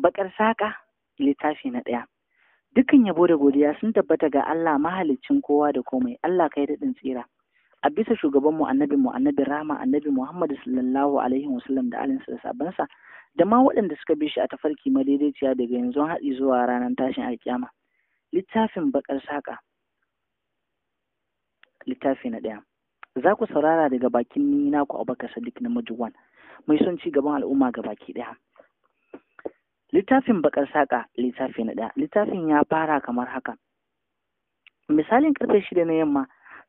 Bakar saƙa littafi na ɗaya. Dukan yabo da godiya sun tabbata ga Allah mahalicin kowa da komai, Allah kai daɗin tsira. A bisa shugabanmu annabi mu annabi Rama annabi Muhammadu sallallahu alaihi wasallam da alinsa da sabansa da ma waɗanda suka bi shi a tafarki madaidaiciya daga yanzu haɗi zuwa ranar tashin alkiyama. Littafin bakar saƙa. Littafi na ɗaya. Za ku saurara daga bakin ni naku Abubakar Sadiq na Majuwan, mai son ci gaban al'umma ga baki ɗaya. littafin bakar saka littafi na ɗaya littafin ya fara kamar haka misalin karfe shida na yamma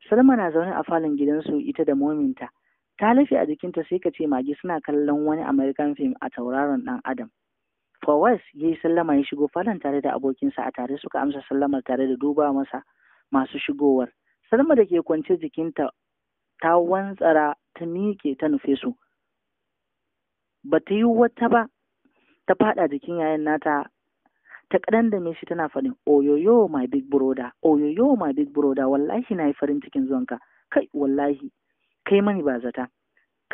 salma na zaune a falon gidansu ita da mominta ta lafi a jikinta sai ka ce magi suna kallon wani american film a tauraron ɗan adam fawaz ya yi sallama ya shigo falon tare da abokinsa a tare suka amsa sallamar tare da duba masa masu shigowar salma da ke kwance jikinta ta wantsara ta miƙe ta nufe su ba ta yi wata ba ta faɗa jikin yayan nata ta kadan da shi tana fadin oyoyo my big brother oyoyo my big brother wallahi na yi farin cikin zuwanka kai wallahi kai mani ba zata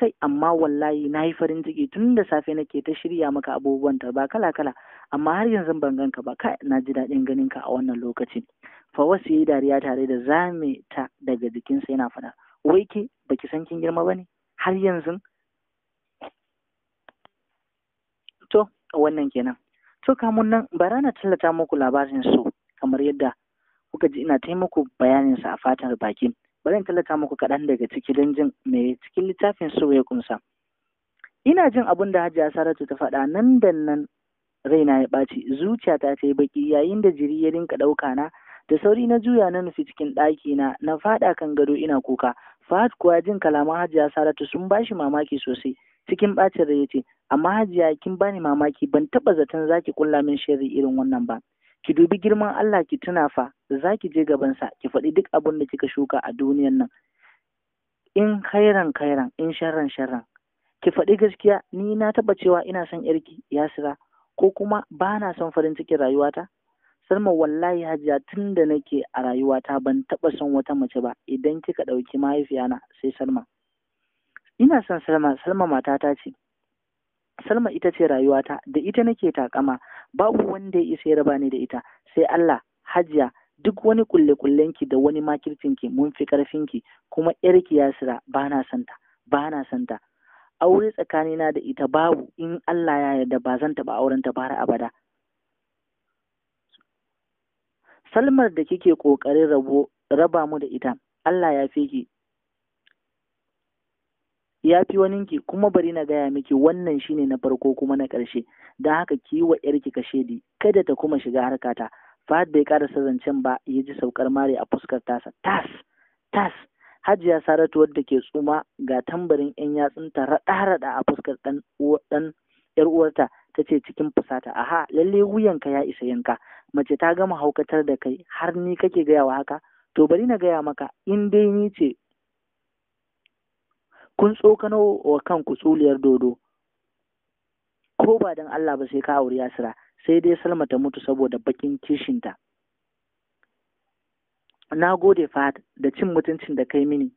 kai amma wallahi na yi farin ciki tun da safe nake ta shirya maka abubuwan ta ba kala kala amma har yanzu ban ganka ba kai na ji daɗin ganin ka a wannan lokacin." lokaci wasu yayi dariya tare da zame ta daga jikin, jikinsa yana fada wai ke baki san kin girma bane har yanzu to wannan kenan to kamun nan bara na tallata muku labarin su kamar yadda kuka ji ina taimako bayanin sa a fatan baki bari in tallata muku kaɗan daga ciki don jin me cikin littafin su ya kumsa ina jin abin da hajiya saratu ta faɗa nan da nan raina ya ɓaci zuciyata ta yi baki yayin da jiri ya rinka ɗauka na da sauri na juya na nufi cikin ɗaki na na faɗa kan gado ina kuka Fahad kuwa jin kalaman hajiya saratu sun bashi mamaki sosai cikin bacin rai yace amma hajiya kin bani mamaki ban taba zaton zaki kulla min shiri irin wannan ba ki dubi girman Allah ki tuna fa zaki je gaban sa ki faɗi duk abin da kika shuka a duniyar nan in khairan khairan in sharran sharran ki faɗi gaskiya ni na taba cewa ina son yarki yasira ko kuma ba na son farin cikin rayuwata Salma wallahi hajiya tun da nake a rayuwata ban taba son wata mace ba idan kika ɗauki mahaifiyana sai Salma. ina son salma salma matata ce salma ita ce rayuwata da ita nake takama babu wanda ya isa ya raba ni da ita sai allah hajiya duk wani kulle kullenki da wani ki, mun fi ki, kuma yarki yasira ba na santa ba na santa aure tsakanina da ita babu in Allah ya yarda ba zan taɓa auren ta bara abada salmar da kike ƙoƙarin rabo raba mu da ita Allah ya fi ya fi waninki kuma bari na gaya miki wannan shine na farko kuma na ƙarshe don haka ki yi wa ‘yarki kashedi kada ta kuma shiga harkata Fahad bai sazan zancen ba ya ji saukar mare a fuskar tasa tas tas hajiya saratu wadda ke tsuma ga tambarin ‘yan yatsunta raɗa-raɗa a fuskar ɗan ‘yar uwarta ta ce cikin fusata aha lalle wuyanka ya isa yanka mace ta gama haukatar da kai har ni kake gaya wa haka to bari na gaya maka in dai ni ce kun tsokano wa ku tsuliyar dodo ko ba don Allah ba sai ka auri Yasira sai dai Salma ta mutu saboda bakin kishinta na gode Fahad da cin mutuncin da kai mini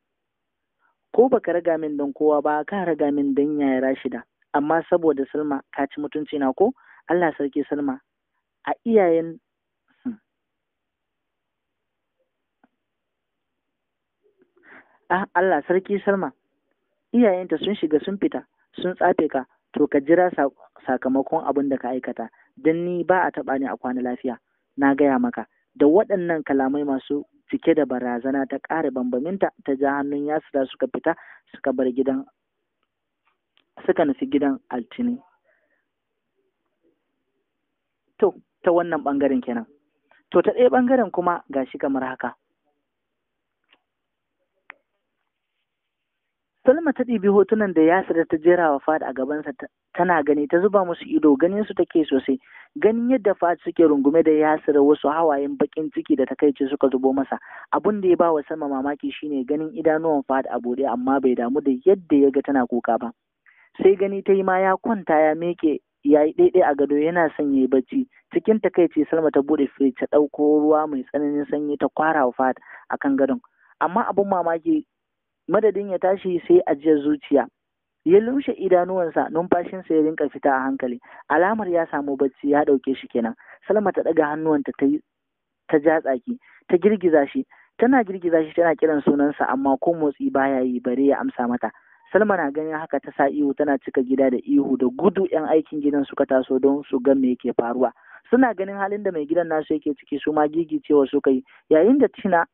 ko ba ka raga min don kowa ba ka raga min don yaya Rashida amma saboda Salma ka ci mutunci na ko Allah sarki Salma a iyayen hmm. Ah, Allah sarki Salma, iyayenta sun shiga sun fita sun tsafe ka to ka jira sakamakon abin da ka aikata don ni ba a taɓa ni a kwana lafiya na gaya maka da waɗannan kalamai masu cike da barazana ta ƙara bambaminta ta ja hannun yasira suka fita suka bar gidan suka nufi gidan altini to ta wannan ɓangaren kenan to ta ɗaya ɓangaren kuma gashi kamar haka Salma ta ɗibi hotunan da Yasir ta jera wa fad a gabansa tana gani ta zuba musu ido ganin su take sosai ganin yadda fad suke rungume da Yasir wasu hawayen bakin ciki da takaici suka zubo masa abun da ya ba wa Salma mamaki shine ganin idanuwan fad a bude amma bai damu da yadda ya ga tana kuka ba sai gani ta yi ma ya kwanta ya meke ya yi daidai a gado yana son ya yi bacci cikin takaici Salma ta bude firij ta ɗauko ruwa mai tsananin sanyi ta kwara wa fad akan gadon amma abin mamaki madadin ya tashi sai ajiyar zuciya ya lushe idanuwansa numfashinsa ya rinka fita a hankali alamar ya samu bacci ya ɗauke shi kenan salma ta ɗaga hannuwanta ta ta ja ta girgiza shi tana girgiza shi tana kiran sunansa amma ko motsi baya yi bare ya amsa mata salma na ganin haka ta sa ihu tana cika gida da ihu da gudu yan aikin gidan suka taso don su ga me yake faruwa suna ganin halin da mai gidan nasu yake ciki su ma gigicewa suka yi yayin da tina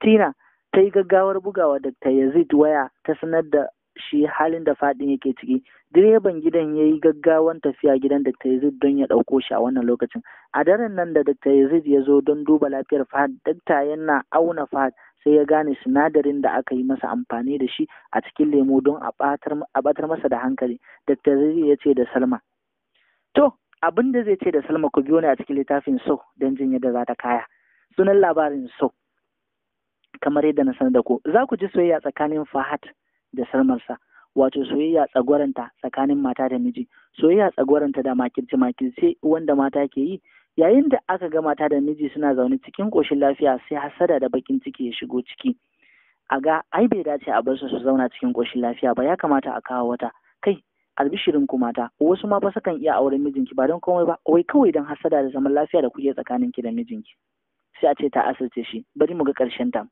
tina ta yi gaggawar bugawa Dr. Yazid waya ta sanar da shi halin da fadin yake ciki direban gidan ya yi gaggawan tafiya gidan Dr. Yazid don ya ɗauko shi a wannan lokacin a daren nan da Dr. Yazid ya zo don duba lafiyar Fahad dakta yana auna Fad sai ya gane sinadarin da aka yi masa amfani da shi a cikin lemu don a batar masa da hankali Dr. Yazid ya ce da Salma to abin da zai ce da Salma ku biyo ne a cikin littafin so don jin da za ta kaya sunan labarin so kamar yadda na sanar da ku za ku ji soyayya tsakanin Fahad da Sarmarsa wato soyayya tsagwaranta tsakanin mata da miji soyayya tsagwaranta da makirce makirce wanda mata ke yi yayin da aka ga mata da miji suna zaune cikin koshin lafiya sai hasada da bakin ciki ya shigo ciki a ga ai bai dace a bar su su zauna cikin koshin lafiya ba ya kamata a kawo wata kai albishirin ku mata wasu ma su kan iya auren mijinki ba don komai ba wai kawai don hasada da zaman lafiya da kuke tsakaninki da mijinki sai a ce ta asirce shi bari mu ga ƙarshen ta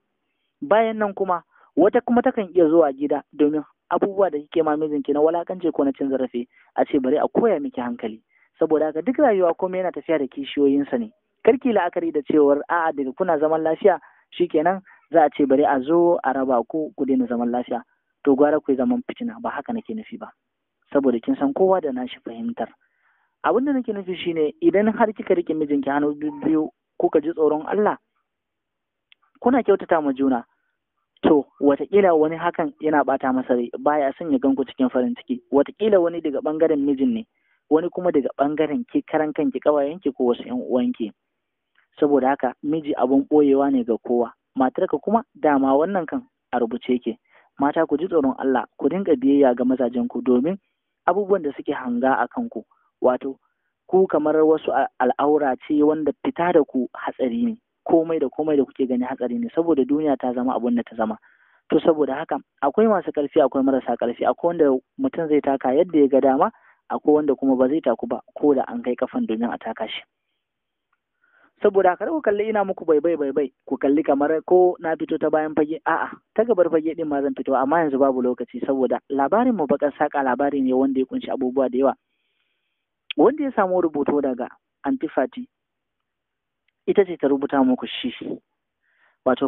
bayan nan kuma wata kuma takan iya zuwa gida domin abubuwa da kike ma mijinki na walakanci ko na cin zarafi a ce bari a koya miki hankali saboda haka duk rayuwa komai yana tafiya da kishiyoyinsa ne kar karki la'akari da cewar a'a daga kuna zaman lafiya shi kenan, za a ce bari a zo a raba ku ku daina zaman lafiya to gwara ku zaman fitina ba haka nake nufi ba saboda kin san kowa da nashi fahimtar abin da nake nufi shine idan har kika rike mijinki hannu biyu ko ka ji tsoron Allah kuna kyautata ma juna to watakila wani hakan yana bata masa rai baya son ya ganku cikin farin ciki watakila wani daga bangaren mijin ne wani kuma daga bangaren ki karan kanki kawayenki ko wasu yan uwanki saboda haka miji abun boyewa ne ga kowa matarka kuma dama wannan kan a rubuce ke mata ku ji tsoron Allah ku dinga biyayya ga mazajen ku domin abubuwan da suke hanga a kanku wato ku kamar wasu al'aura ce wanda fita da ku hatsari ne komai da komai da kuke gani hatsari ne saboda duniya ta zama abin da ta zama to saboda haka akwai masu karfi akwai marasa karfi akwai wanda mutum zai taka yadda ya ga dama akwai wanda kuma ba zai taku ba ko da an kai kafan domin a taka shi saboda haka ku kalli ina muku baibai baibai ku kalli kamar ko na fito ta bayan fage a'a ta gabar fage din ma zan fito amma yanzu babu lokaci saboda labarin mu bakan saka labari ne wanda ya kunshi abubuwa da yawa wanda ya samu rubuto daga antifati ita ce ta rubuta muku shi wato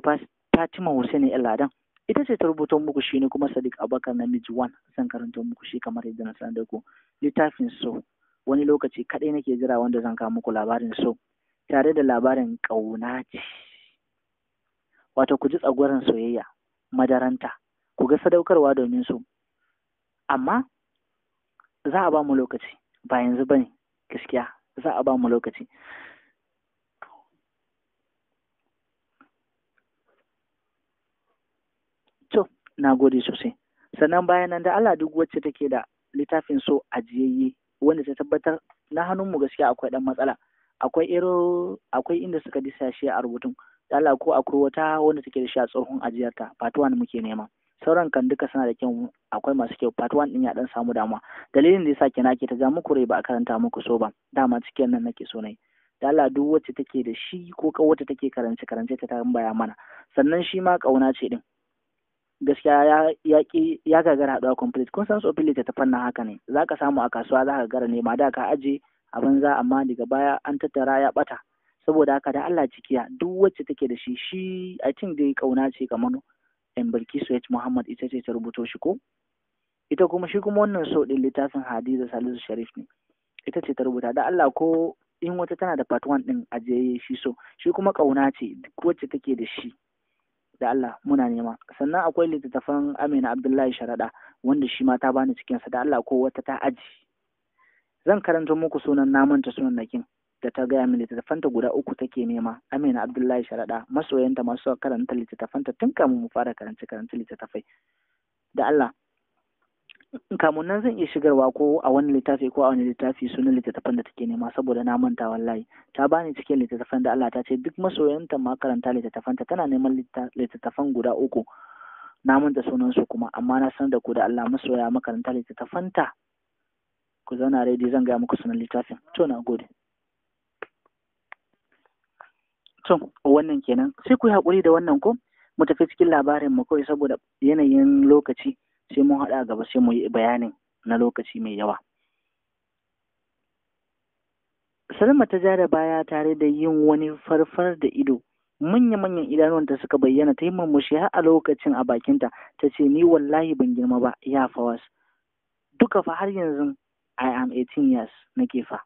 Fatima Hussein Eladan ita ce ta rubuta muku shi ne kuma Sadiq Abubakar namiji 1 san karanta muku shi kamar yadda na sanar da ku littafin so wani lokaci kadai nake jira wanda zan kawo muku labarin so tare da labarin kauna ce wato ku ji tsagwaron soyayya madaranta ku ga sadaukarwa domin so. amma za a ba mu lokaci ba yanzu bane gaskiya za a ba mu lokaci na gode sosai sannan bayan nan da Allah duk wacce take da littafin so ajiyayye wanda ta tabbatar na hannunmu gaskiya akwai dan matsala akwai ero akwai inda suka disa shi a rubutun da Allah ko akwai wata wanda take da shi a tsohon ajiyarta part 1 muke nema sauran kan duka suna da kyau akwai masu kyau part 1 din ya dan samu damuwa dalilin da yasa kina nake ta ja muku rai ba a karanta muku so ba dama cikin nan nake so nai da Allah duk wacce take da shi ko wacce take karance karance ta tambaya mana sannan shi ma kauna ce din gaskiya ya ki ya gagara haɗuwa complete kun san tsofin ta fanna haka ne za ka samu a kasuwa za ka gara ma, da ka aje a banza amma daga baya an tattara ya bata saboda haka da Allah cikiya duk wacce take da shi shi I think dai kauna ce kamar Emberki Suwait Muhammad ita ce ta rubuto shi ko ita kuma shi kuma wannan so ɗin littafin Hadiza Salisu Sharif ne ita ce ta rubuta da Allah ko in wata tana da part 1 din aje shi so shi kuma kauna ce duk wacce take da shi da Allah muna nema sannan akwai littattafan Amina Abdullahi Sharaɗa wanda shi ma ta bani cikin sa da Allah ko wata ta aji zan karanta muku sunan naman ta sunan nakin da ta gaya min ta guda uku take nema Amina Abdullahi Sharaɗa masoyanta masu karanta ta tun kamun mu fara karanta karanta littattafai da Allah kamun nan zan iya shigarwa ko a wani littafi ko a wani littafi sunan littattafan da take nema saboda na manta wallahi ta bani cikin littattafan da Allah ta ce duk masoyanta ma karanta littattafan ta tana neman littattafan guda uku na manta sunan su kuma amma na san da ku da Allah masoya makaranta littattafan ta ku zauna ready zan gaya muku sunan littafin to na gode to wannan kenan sai ku yi haƙuri da wannan ko mu tafi cikin labarin mu kawai saboda yanayin lokaci sai mun haɗa gaba sai mu yi bayanin na lokaci mai yawa salma ta jada baya tare da yin wani farfar da ido manya-manyan da suka bayyana ta yi murmushi har a lokacin a bakinta ta ce ni wallahi ban girma ba ya fawas duka fa har yanzu i am 18 years nake fa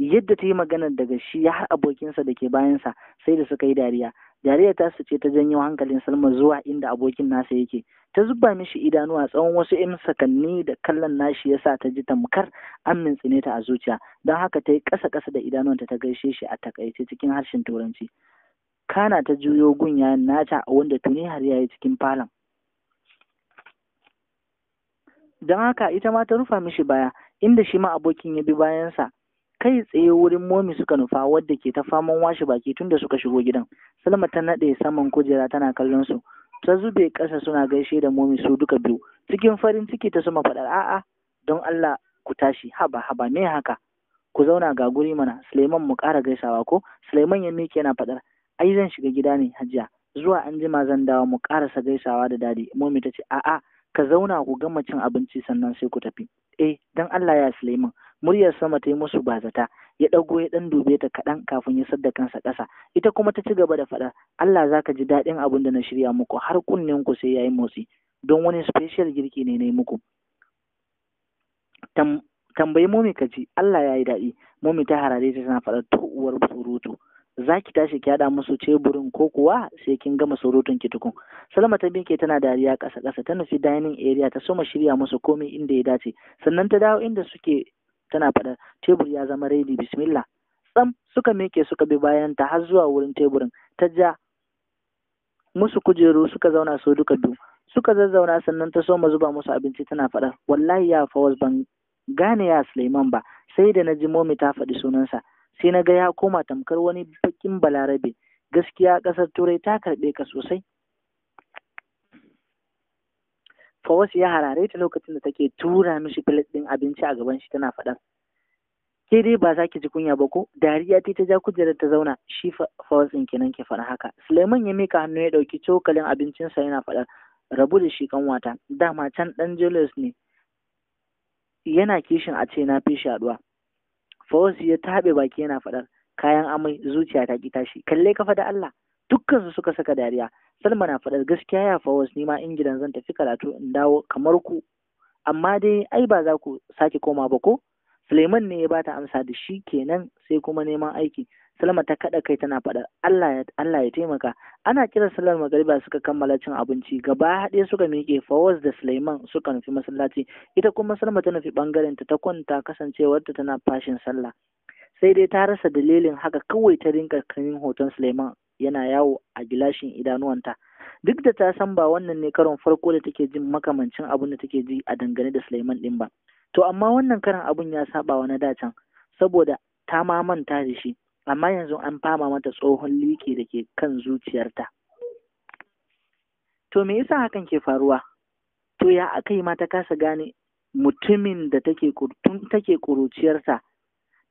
yadda ta yi magana daga shi ya har abokinsa da ke bayansa sai da suka yi dariya dariya ta su ce ta janyo hankalin salma zuwa inda abokin nasa yake ta zuba mishi idanu a tsawon wasu 'yan sakanni da kallon nashi ya sa ta ji tamkar an mintsine ta a zuciya don haka ta yi kasa ƙasa da idanuwanta ta gaishe shi a takaice cikin harshen turanci kana ta juyo gun gunya nata a wanda tuni har yayi cikin falon don haka ita ma ta rufa mishi baya inda shi ma abokin ya bi bayansa kai tsaye wurin momi suka nufa wadda ke ta faman washe baki tunda suka shigo gidan salma ta naɗe saman kujera tana kallon su ta zube ƙasa suna gaishe da momi su duka biyu cikin farin ciki ta suma faɗar a'a don Allah ku tashi haba haba me haka ku zauna ga guri mana Suleiman mu ƙara gaisawa ko Suleiman ya miƙe yana faɗar ai zan shiga gida ne hajiya zuwa an jima zan dawo mu ƙarasa gaisawa da dadi momi ta ce a'a ka zauna ku gama cin abinci sannan sai ku tafi eh dan Allah ya Suleiman muryar sama ta yi musu bazata ya ɗago ya ɗan dube ta kaɗan kafin ya sadda kansa ƙasa ita kuma ta ci gaba da faɗa Allah za ka ji daɗin abin da na shirya muku har kunnen ku sai ya yi motsi don wani special girki ne na yi muku tambayi momi ka ji Allah ya yi daɗi momi ta harare ta tana faɗa to uwar surutu za ki tashi ki haɗa musu teburin ko kuwa sai kin gama surutun ki tukun salama ta binke tana dariya ƙasa ƙasa ta nufi dining area ta soma shirya musu komai inda ya dace sannan ta dawo inda suke tana faɗa tebur ya zama redi bismillah tsam suka miƙe suka bi bayan ta har zuwa wurin teburin ta ja musu kujeru suka zauna su duka biyu suka zazzauna sannan ta soma zuba musu abinci tana faɗa wallahi ya fawaz ban gane ya Suleiman ba sai da na ji momi ta faɗi sunansa sai na ga ya koma tamkar wani bakin balarabe gaskiya ƙasar turai ta karɓe ka sosai Fawas ya harare ta lokacin da take tura mishi plate ɗin abinci a gaban shi tana faɗa. Ke dai ba za ki ji kunya ba ko? Dariya ta ja kujerar ta zauna shi Fawas ɗin kenan ke faɗa haka. Suleiman ya mika hannu ya ɗauki cokalin abincinsa yana faɗa rabu da shi kanwata dama can ɗan Julius ne. Yana kishin a ce na fi shi aɗuwa. Fawas ya taɓe baki yana faɗar kayan amai zuciya ta ki tashi kalle kafa da Allah Dukkansu suka saka dariya salma na faɗar gaskiya ya fawas nima nima in gidan zan tafi karatu in dawo kamar ku amma dai ai ba za ku sake koma ba ko suleiman ne ya bata amsa da shi kenan sai kuma neman aiki salma ta kaɗa kai tana faɗa allah ya taimaka ana kiran sallar magariba suka kammala cin abinci gaba haɗe suka miƙe fawas da suleiman suka nufi masallaci ita kuma salma ta nufi ɓangaren ta ta kwanta kasancewarta tana fashin sallah sai dai ta rasa dalilin haka kawai ta rinka kanin hoton suleiman yana yawo a gilashin idanuwanta duk da ta san ba wannan ne karon farko da take jin makamancin abin da take ji a dangane da Sulaiman din ba to amma wannan karan abun ya saba wa na dacan saboda ta ma manta da shi amma yanzu an fama mata tsohon liki da ke kan zuciyarta to me yasa hakan ke faruwa to ya aka ma ta kasa gane mutumin da take take kuruciyarsa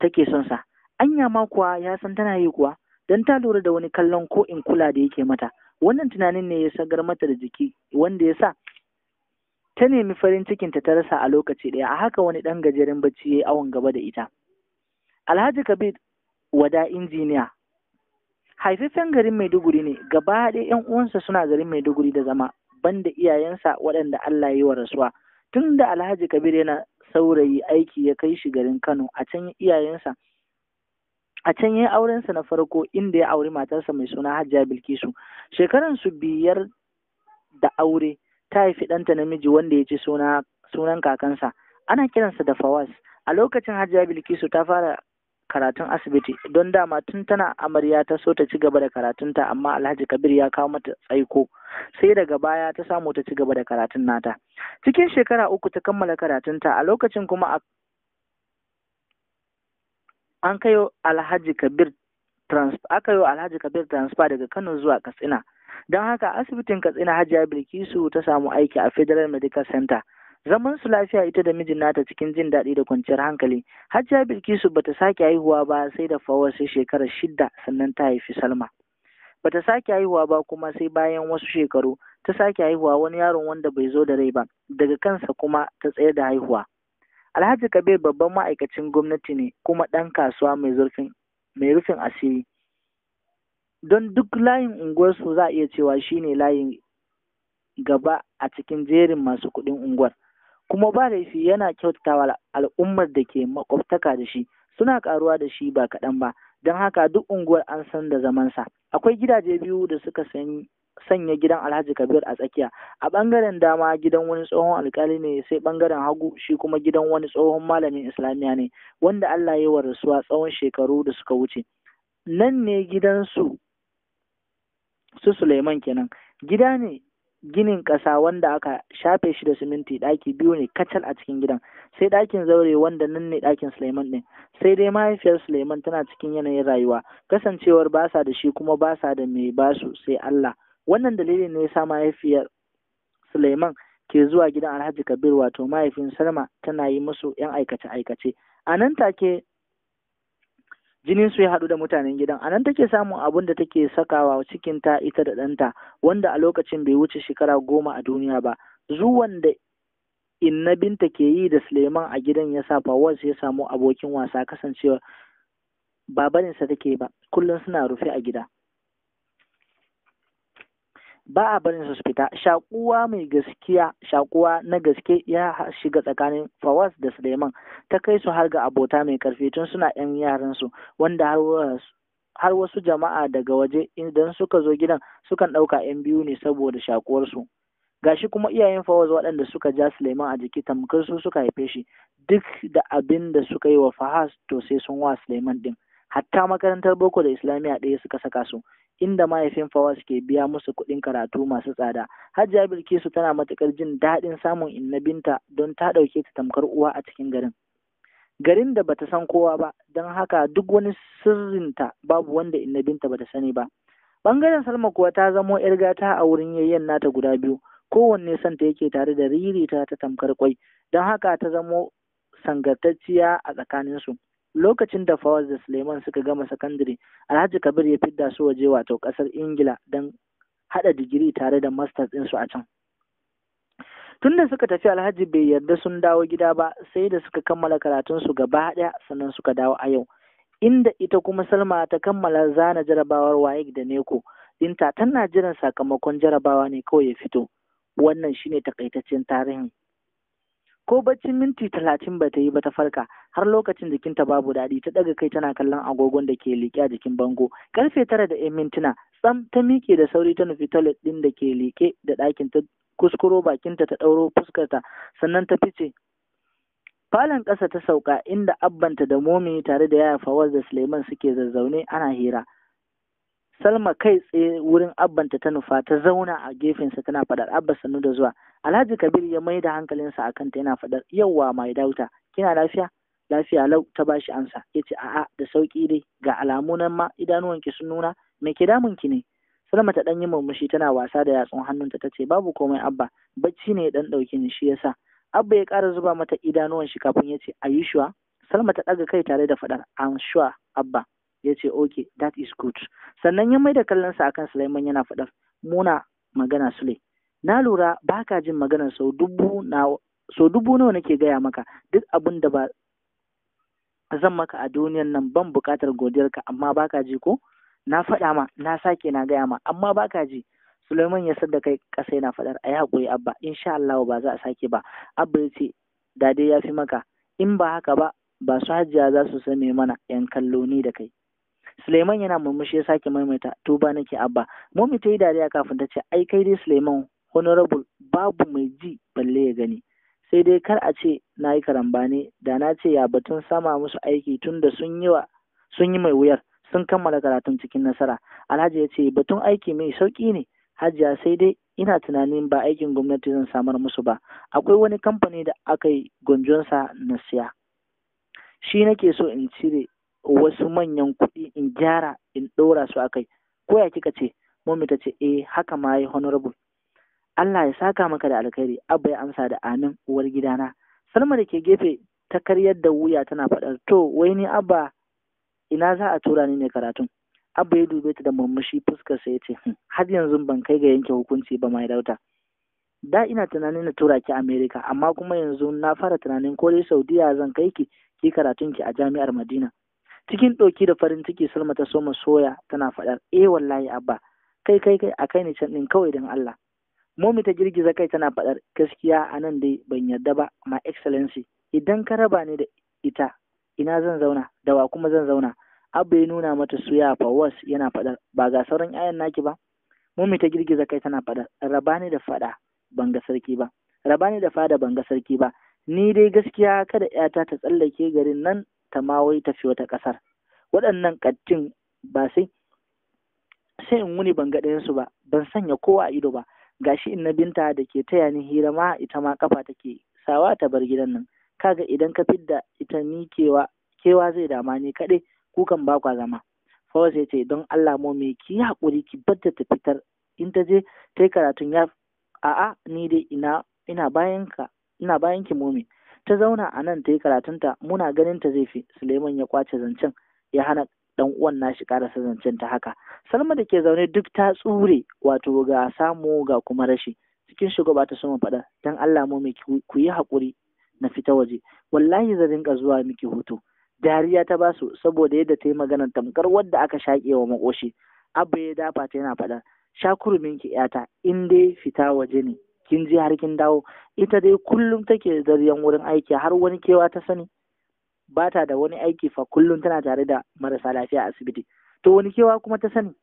take son sa anya ma kuwa ya san tana yi kuwa don ta lura da wani kallon ko in kula da yake mata wannan tunanin ne ya sagar mata da jiki wanda ya sa ta nemi farin cikin ta rasa a lokaci ɗaya a haka wani ɗan gajeren bacci ya yi awon gaba da ita alhaji kabir wada injiniya haifafen garin maiduguri ne gaba ɗaya yan uwansa suna garin maiduguri da zama banda iyayensa waɗanda allah ya yi wa rasuwa Tunda alhaji kabir yana saurayi aiki ya kai shi garin kano a can iyayensa a can ya aurensa na farko inda ya auri matarsa mai suna Hajiya Bilkisu su biyar da aure ta haifi ɗanta namiji wanda ya ci suna sunan kakansa ana kiransa da Fawaz a lokacin Hajiya Bilkisu ta fara karatun asibiti don dama tun tana amarya ta so ta ci gaba da karatunta amma alhaji kabir ya kawo mata tsaiko sai daga baya ta samu ta ci gaba da karatun nata cikin shekara uku ta kammala karatunta a lokacin kuma an kayo alhaji kabir aka yi alhaji kabir transfer daga kano zuwa katsina don haka asibitin katsina hajiya bilkisu ta samu aiki a federal medical center zaman su lafiya ita da mijin nata cikin jin daɗi da kwanciyar hankali hajiya bilkisu bata sake haihuwa ba sai da fawar sai shekara shida sannan ta haifi salma bata sake haihuwa ba kuma sai bayan wasu shekaru ta sake haihuwa wani yaron wanda bai zo da rai ba daga kansa kuma ta tsayar da haihuwa Alhaji Kabir babban ma'aikacin gwamnati ne kuma ɗan kasuwa mai rufin asiri. Don duk layin unguwarsu za a iya cewa shi ne layin gaba a cikin jerin masu kuɗin unguwar. Kuma ba laifi yana kyautatawa al'ummar da ke makwabtaka da shi suna ƙaruwa da shi ba kaɗan ba don haka duk unguwar an san da zamansa. Akwai gidaje biyu da suka sani sanya gidan Alhaji Kabir a tsakiya. A bangaren dama gidan wani tsohon alkali ne sai bangaren hagu shi kuma gidan wani tsohon malamin Islamiyya ne wanda Allah ya wa rasuwa tsawon shekaru da suka wuce. Nan ne gidansu su Suleiman kenan. Gida ne ginin ƙasa wanda aka shafe shi da siminti ɗaki biyu ne kacal a cikin gidan sai ɗakin zaure wanda nan ne ɗakin suleiman ɗin sai dai mahaifiyar suleiman tana cikin yanayin rayuwa kasancewar ba sa da shi kuma ba sa da mai basu sai allah wannan dalilin ne yasa mahaifiyar Suleiman ke zuwa gidan Alhaji Kabir wato mahaifin Salma tana yi musu yan aikace aikace a nan take jinin su ya haɗu da mutanen gidan a nan take samun abun da take sakawa cikin ta ita da ɗanta wanda a lokacin bai wuce shekara goma a duniya ba zuwan da inna binta ke yi da suleiman a gidan ya sa fawaz ya samu abokin wasa kasancewa ba barinsa take ba kullum suna rufe a gida ba a barin su fita shakuwa mai gaskiya shakuwa na gaske ya shiga tsakanin Fawas da Suleiman ta kai su har ga abota mai karfi tun suna yan yaran su wanda har wasu jama'a daga waje idan suka zo gidan sukan ɗauka 'yan biyu ne saboda shakuwarsu. Gashi kuma iyayen Fawaz waɗanda suka ja Suleiman a jiki tamkar su suka haife shi duk da abin da suka yi wa Fahas to sai sun wa Suleiman ɗin. Hatta makarantar Boko da Islamiyya ɗaya suka saka su, inda mahaifin Fawaz ke biya musu kuɗin karatu masu tsada. Hajiya Bilkisu tana matuƙar jin daɗin samun inna binta don ta ɗauke ta tamkar uwa a cikin garin. Garin da bata san kowa ba, don haka duk wani sirrinta babu wanda inna binta bata sani ba. Bangaren Salma kuwa ta zamo 'yar gata a wurin yayyen nata guda biyu, kowanne santa yake tare da ririta ta tamkar kwai, don haka ta zamo sangartacciya a tsakaninsu. lokacin da fawaz da suleiman suka gama sakandare alhaji kabir ya fidda su waje wato kasar ingila don haɗa digiri tare da masters su a can tunda suka tafi alhaji bai yarda sun dawo gida ba sai da suka kammala karatun su gaba daya sannan suka dawo a yau inda ita kuma salma ta kammala zana jarabawar waik da neko dinta tana jiran sakamakon jarabawa ne kawai ya fito wannan shine takaitaccen tarihin ko baccin minti talatin ba ta yi ba ta farka har lokacin jikinta babu daɗi ta ɗaga kai tana kallon agogon da ke liƙe a jikin bango karfe tara da ɗaya mintuna tsam ta miƙe da sauri ta nufi toilet ɗin da ke liƙe da ɗakin ta kuskuro bakinta ta ɗauro fuskarta sannan ta fice falon ƙasa ta sauka inda abbanta da momi tare da yaya fawaz da suleiman suke zazzaune ana hira salma kai tsaye wurin abbanta ta nufa ta zauna a gefensa tana faɗar abba sannu da zuwa Alhaji Kabir ya mai da hankalinsa a kanta yana faɗar yauwa mai dauta kina lafiya lafiya lau ta bashi ansa yace a'a da sauki dai ga alamu nan ma idanuwanki sun nuna me ke damun ki ne Salma ta dan yi murmushi tana wasa da yatsun hannunta tace babu komai abba bacci ne dan dauke ni shi yasa abba ya ƙara zuba mata idanuwan shi kafin yace are you sure Salma ta ɗaga kai tare da faɗar I'm sure abba yace okay that is good sannan ya maida kallonsa akan Sulaiman yana faɗar muna magana Sule na lura ba ka jin maganar sau dubu nawa nake gaya maka duk abin da ba zan maka a duniyan nan ban buƙatar godiyar ka amma ba ka ji ko na faɗa ma na sake na gaya ma amma ba ka ji Suleiman ya sadda kai ƙasa yana faɗar a yi haƙuri abba insha Allah ba za a sake ba abba ya ce da ya fi maka in ba haka ba ba su hajiya za su sani mana yan kallo ni da kai Suleiman yana murmushi ya sake maimaita To tuba nake abba momi ta yi dariya kafin ta ce ai kai dai Suleiman honorable babu mai ji balle ya gani sai dai kar a ce na yi karambane da na ce ya batun sama musu aiki tun da sun yi mai wuyar sun kammala karatun cikin nasara alhaji ya ce batun aiki mai sauki ne hajiya sai dai ina tunanin ba aikin gwamnati zan samar musu ba akwai wani kamfani da aka yi gunjonsa na siya shi nake so in cire wasu manyan kuɗi in gyara in ɗora su a kai ko ya kika ce mummy ta ce eh haka ma yi honorable Allah ya saka maka da alkhairi abba ya amsa da amin uwar gidana Salma da ke gefe ta karyar da wuya tana faɗar to wai ni abba ina za a tura ni ne karatun abba ya dube ta da murmushi fuskar sa yace hm, har yanzu ban kai ga yanke hukunci ba mai dauta da ina tunanin na tura ki America amma kuma yanzu na fara tunanin ko dai Saudiya zan kai ki ki karatun ki a jami'ar Madina cikin ɗoki da farin ciki Salma ta soma soya tana faɗar eh wallahi abba kai kai kai a kai ni can ɗin kawai don Allah Momi ta girgiza kai tana faɗar gaskiya a nan dai ban yarda ba ma excellency idan ka raba ni da ita ina zan zauna da wa kuma zan zauna Abu ya nuna mata suya was yana faɗar ba ga sauran 'ya'yan naki ba Momi ta girgiza kai tana faɗar raba ni da faɗa ban ga sarki ba raba ni da fada ban ga sarki ba ni dai gaskiya kada 'yata ta tsallake garin nan ta mawai wai tafi wata ƙasar waɗannan ƙattin ba sai sai in wuni ban ga ɗayansu ba ban sanya kowa a ido ba gashi in na binta da ke taya ni hira ma ita ma kafa take sawa ta bar gidan nan kaga idan ka fidda ita ni kewa kewa zai dama ne kaɗai kukan ba kwa zama Fawaz ya ce don Allah mu me ki haƙuri ki barta ta fitar in ta je ta yi karatun ya a'a ni dai ina ina bayan ina bayan ki momi ta zauna a nan ta yi karatunta muna ganin ta zai fi Suleiman ya kwace zancen ya hana dan uwan nashi karasa zancen ta haka salma da ke zaune duk ta tsure wato ga samu ga kuma rashi cikin ba ta soma faɗa dan Allah mu ku yi haƙuri na fita waje wallahi zan rinka zuwa miki hutu dariya ta basu saboda yadda ta yi maganar tamkar wadda aka shaƙe wa makoshi abba ya dafa ta yana faɗa kurumin ki yata in dai fita waje ne kin ji har kin dawo ita dai kullum take zaryan wurin aiki har wani kewa ta sani ba ta da wani aiki fa kullum tana tare da marasa lafiya a asibiti to wani kewa kuma ta sani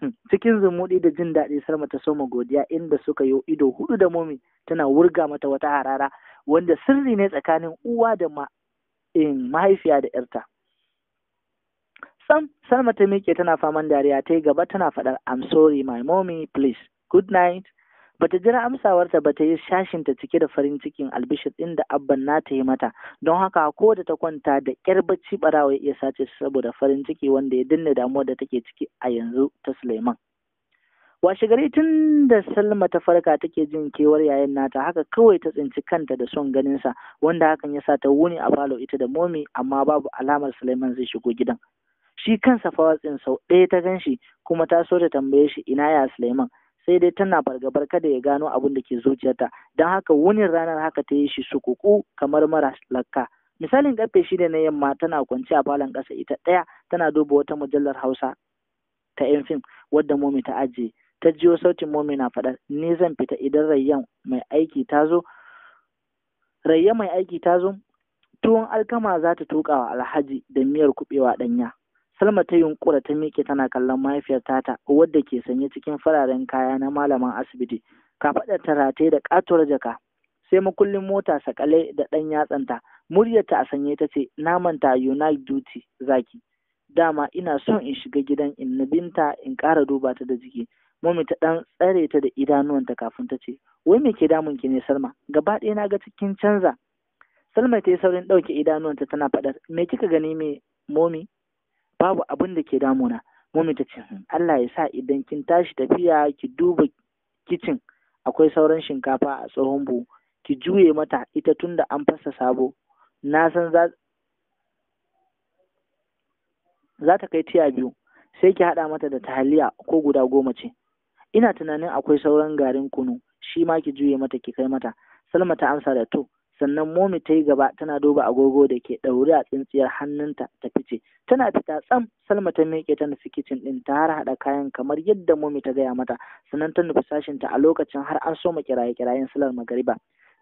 hmm, cikin zumuɗi da jin daɗi sarma ta soma godiya inda suka yi ido hudu da momi tana wurga mata wata harara wanda sirri ne tsakanin uwa da eh, mahaifiya da yarta sam salma ta miƙe tana faman dariya ta yi gaba tana faɗar i'm sorry my mommy please good night bata jira amsawarta ba ta yi ta cike da farin cikin albishir ɗin da abban nata yi mata don haka ko da ta kwanta da ƙyar bacci barawa ya iya sace saboda farin ciki wanda ya danne damuwa da take ciki a yanzu ta Suleiman washe gari tun da Salma ta farka take jin kewar yayin nata haka kawai ta tsinci kanta da son ganin sa wanda hakan ya sa ta wuni a falo ita da momi amma babu alamar Suleiman zai shigo gidan shi kansa fawatsin sau ɗaya ta ganshi kuma ta so ta tambaye shi ina ya Suleiman sai dai tana fargabar kada ya gano abin da ke zuciyarta don haka wunin ranar haka ta yi shi sukuku kamar mara lakka misalin karfe shida na yamma tana kwance a falon ƙasa ita ɗaya tana duba wata mujallar hausa ta yan fim wadda momi ta ajiye ta jiyo sautin momi na faɗa ni zan fita idan rayyan mai aiki ta zo rayyan mai aiki ta zo tuwon alkama za ta tuƙa wa alhaji da miyar kuɓewa ɗanya Salma ta yunkura ta miƙe tana kallon mahaifiyar tata wadda ke sanye cikin fararen kaya na malaman asibiti. Kafaɗar ta rataye da ƙatuwar jaka sai makullin mota sakale da ɗan yatsanta. Muryarta a sanye ta ce na manta Unite Duty zaki. Dama ina son in shiga gidan in binta in ƙara duba ta da jiki. Mami ta ɗan tsare ta da idanuwanta kafin ta ce wai me ke damun ki ne Salma gaba ɗaya na ga cikin canza. Salma ta yi saurin ɗauke idanuwanta tana faɗar me kika gani me momi babu abin da ke damuna mummy ta ce hmm, Allah ya sa idan kin tashi tafiya ki duba kicin akwai sauran shinkafa a tsohon buhu ki juye mata ita tunda an fasa sabo na san za ta kai tiya biyu sai ki haɗa mata da taliya ko guda goma ce ina tunanin akwai sauran garin kunu shi ma ki juye mata ki kai mata salma ta amsa da to sannan momi ta yi gaba tana duba agogo da ke ɗaure a tsintsiyar hannunta ta fice tana fita tsam salma ta miƙe ta nufi kicin ɗin ta har haɗa kayan kamar yadda momi ta gaya mata sannan ta nufi sashinta a lokacin har an soma kiraye-kirayen salar magariba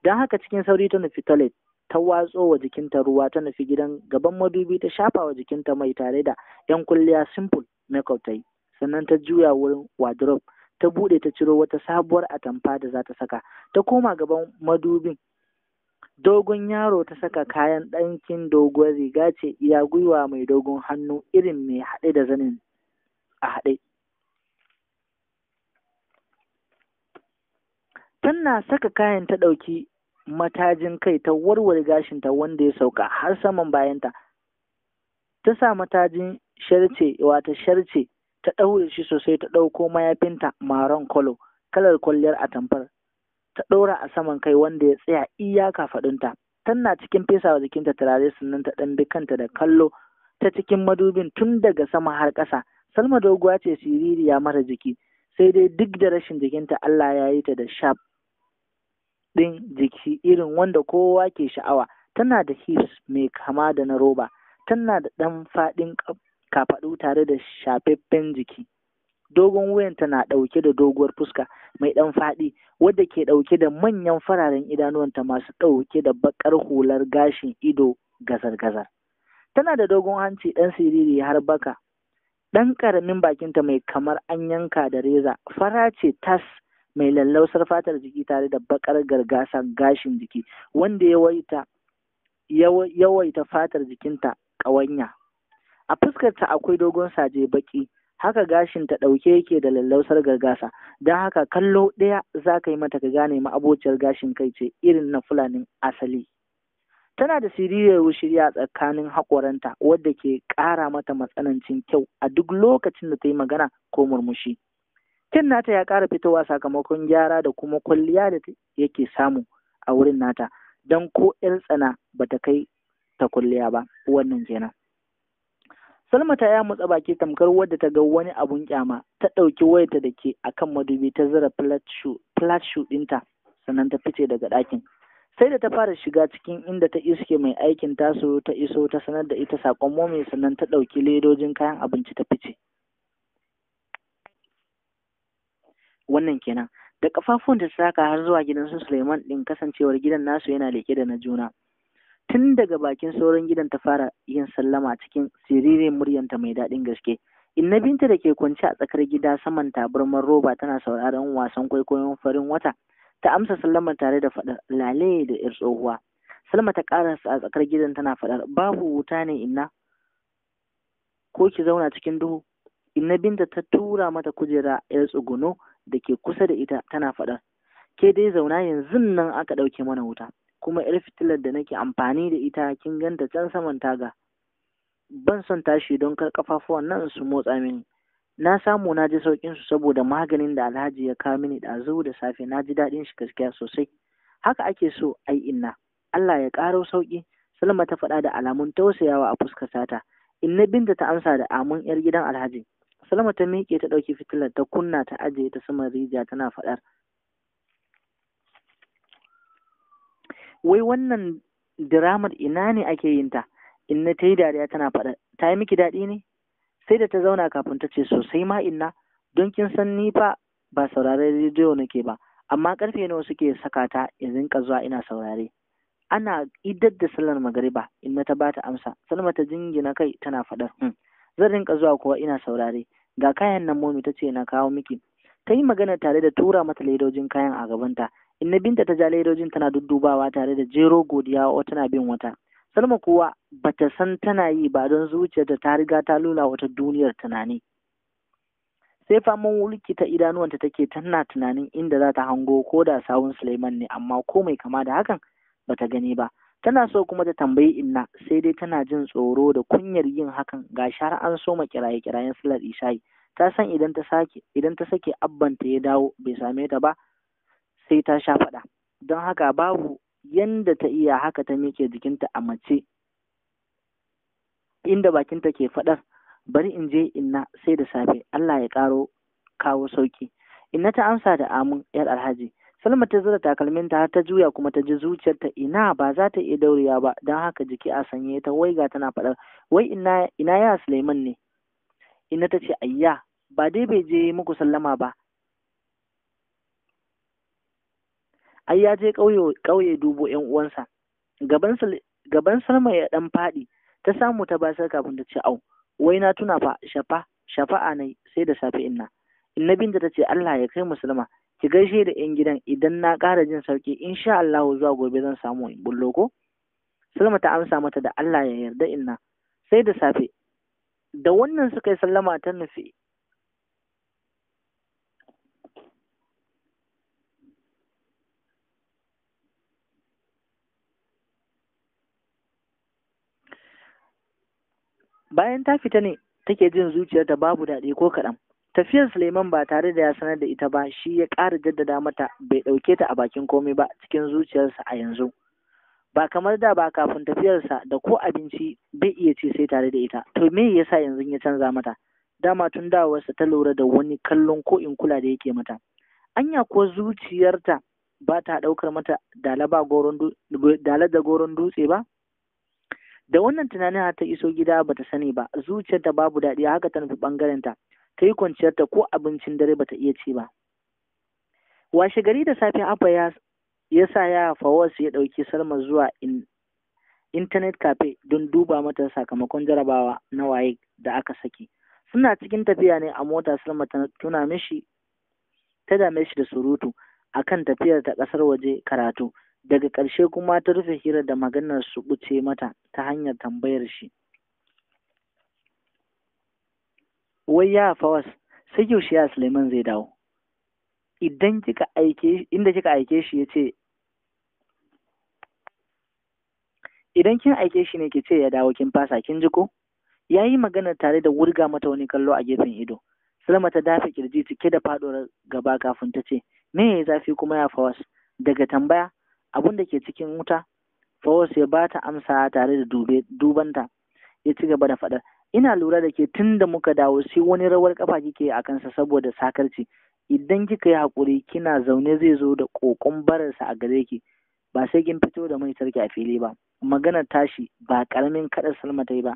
don haka cikin sauri ta nufi toilet ta watso wa jikinta ruwa ta nufi gidan gaban madubi ta shafa wa jikinta mai tare da yan kulliya simple makeup ta yi sannan ta juya wurin wardrobe ta buɗe ta ciro wata sabuwar atamfa da za ta saka ta koma gaban madubin Dogon yaro ta saka kayan ɗankin doguwar riga ce iya gwiwa mai dogon hannu irin mai haɗe da zanin a haɗe. Tana saka kayan ta ɗauki matajin kai ta warware gashinta wanda ya sauka har saman bayanta. Ta sa matajin sharce wata sharce ta ɗaure shi sosai ta ɗauko mayafinta maron kwalo kalar kwalliyar atamfar ta ɗora a saman kai wanda ya tsaya iya kafaɗinta tana cikin fesawa jikinta turare sannan ta ɗan bi kanta da kallo ta cikin madubin tun daga sama har ƙasa salma doguwa ce siririya mara jiki sai dai duk da rashin jikinta allah ya yi ta da shaf ɗin jiki irin wanda kowa ke sha'awa tana da hips mai kama da na roba tana da ɗan faɗin kafaɗu tare da shafaffen jiki dogon wuyanta na ɗauke da doguwar fuska mai ɗan faɗi wadda ke ɗauke da manyan fararen idanuwanta masu ɗauke da baƙar hular gashin ido gazar-gazar tana da dogon hanci ɗan siriri har baka ɗan ƙaramin bakinta mai kamar an yanka da reza fara ce tas mai lallausar fatar jiki tare da bakar gargasan gashin jiki wanda yawaita yawaita fatar jikinta ƙawanya a fuskarta akwai dogon saje baƙi. haka gashin ta ɗauke yake da lallausar gargasa don haka kallo ɗaya za ka yi mata ka gane ma'abociyar gashin kai ce irin na fulanin asali tana da siririyar shirya tsakanin haƙoranta wadda ke ƙara mata matsanancin kyau a duk lokacin da ta yi magana ko murmushi kin nata ya ƙara fitowa sakamakon gyara da kuma kwalliya da yake samu a wurin nata don ko 'yar tsana ba ta kai ta kwalliya ba wannan kenan Salma ta matsa baki tamkar wadda ta ga wani abun kyama ta ɗauki wayarta da ke akan madubi ta zura flat shoe ɗinta sannan ta fice daga ɗakin. Sai da ta fara shiga cikin inda ta iske mai aikin tasu ta iso ta sanar da ita saƙon momi sannan ta ɗauki ledojin kayan abinci ta fice. Wannan kenan. Da ƙafafun da ta saka har zuwa gidan su Suleiman ɗin kasancewar gidan nasu yana leke da na juna. tun daga bakin sauran gidan ta fara yin sallama cikin siririn muryanta mai daɗin gaske inna binta da ke kwance a tsakar gida saman tabarmar roba tana sauraron wasan kwaikwayon farin wata ta amsa sallama tare da faɗar lale da yar tsohuwa salma ta karasa a tsakar gidan tana faɗar babu wuta ne inna ko ki zauna cikin duhu inna binta ta tura mata kujera yar tsuguno da ke kusa da ita tana faɗar ke dai zauna yanzu nan aka ɗauke mana wuta kuma yar fitilar da nake amfani da ita kin ganta can saman taga ban son tashi don kar kafafuwan nan su motsa mini na samu na ji saukin su saboda maganin da Alhaji ya kawo mini ɗazu da safe na ji daɗin shi gaskiya sosai haka ake so ai inna Allah ya ƙaro sauki Salma ta faɗa da alamun tausayawa a fuskar sata inna binta ta amsa da amun yar gidan Alhaji Salma ta miƙe ta ɗauki fitilar ta kunna ta ajiye ta saman rijiya tana faɗar wai wannan diramar ina ne ake yin ta in ta yi dariya tana faɗa ta yi miki daɗi ne sai da ta zauna kafin ta ce sosai ma inna don kin san ni fa ba saurare rediyo nake ba amma karfe nawa suke saka ta in rinka zuwa ina saurare ana idar da sallar magariba inna ta bata amsa salma ta jingina kai tana faɗar hmm. zan rinka zuwa kuwa ina saurare ga kayan nan momi ta ce na kawo miki ta yi magana tare da tura mata ledojin kayan a gabanta inna binta ta ja ledojin tana duddubawa tare da jero godiya wa tana bin wata salma kuwa bata san tana yi ba don zuciyarta ta riga ta lula wata duniyar tunani sai faman wulki ta idanuwanta take tana tunanin inda za ta hango ko da sawun suleiman ne amma komai kama da hakan bata gani ba tana so kuma ta tambayi inna sai dai tana jin tsoro da kunyar yin hakan ga shara an soma kiraye kirayen silar ishayi ta san idan ta sake idan ta sake abbanta ya dawo bai same ta ba sai ta sha faɗa don haka babu yanda ta iya haka ta miƙe jikinta a mace inda bakinta ke faɗar bari in je inna sai da safe Allah ya ƙaro kawo sauƙi. inna ta amsa da amin yar alhaji salma ta zura takalminta har ta juya kuma ta ji zuciyarta ina ba za ta iya dauriya ba don haka jiki a sanye ta Wai ga tana faɗar wai ina ina ya Suleiman ne inna ta ce ayya ba dai bai je muku sallama ba ai ya je ƙauye dubo ƴan uwansa gaban salma ya ɗan faɗi ta samu ta basar kafin ta ce au wai na tuna fa shafa shafa'a nai sai da safe inna inna binta ta ce Allah ya kai musulma ki gaishe da yan gidan idan na ƙara jin sauki insha Allah zuwa gobe zan samu in bullo ko Salma ta amsa mata da Allah ya yarda inna sai da safe da wannan suka yi sallama ta nufi bayan ta fita ne take jin zuciyarta babu daɗi ko kaɗan tafiyar suleiman ba tare da ya sanar da ita ba shi ya ƙara jaddada mata bai ɗauke ta a bakin komai ba cikin zuciyarsa a yanzu ba kamar da ba kafin tafiyarsa da ko abinci bai iya ce sai tare da ita to me yasa yanzu ya canza mata dama tun dawarsa ta lura da wani kallon ko in kula da yake mata anya ko zuciyarta ba ta ɗaukar mata dala da goron dutse ba da wannan tunanin har ta iso gida bata sani ba zuciyarta babu daɗi haka ta nufi ɓangarenta, ta ta yi kwanciyarta ko abincin dare bata iya ci ba washe gari da safe abba ya ya sa ya fawas ya ɗauki salma zuwa in internet cafe don duba mata sakamakon jarabawa na waye da aka saki suna cikin tafiya ne a mota salma ta tuna mishi ta dame shi da surutu akan tafiyar ta ƙasar waje karatu daga ƙarshe kuma ta rufe hira da maganar su ɓuce mata ta hanyar tambayar shi wai ya fawas sai yaushe ya suleiman zai dawo idan kika aike inda kika aike shi ya ce idan kin aike shi ne kice ce ya dawo kin fasa kin ji ko ya yi magana tare da wurga mata wani kallo a gefen ido salma ta dafe kirji cike da faɗuwar gaba kafin ta ce me ya zafi kuma ya fawas daga tambaya abin da ke cikin wuta Fawas ya ba ta amsa tare da dubanta ya ci gaba da faɗar ina lura da ke tun da muka dawo sai wani rawar kafa kike a kansa saboda sakarci idan kika yi haƙuri kina zaune zai zo da ƙoƙon bararsa a gare ki ba sai kin fito da mai sarki a fili ba maganar tashi ba ƙaramin kaɗa salma ta yi ba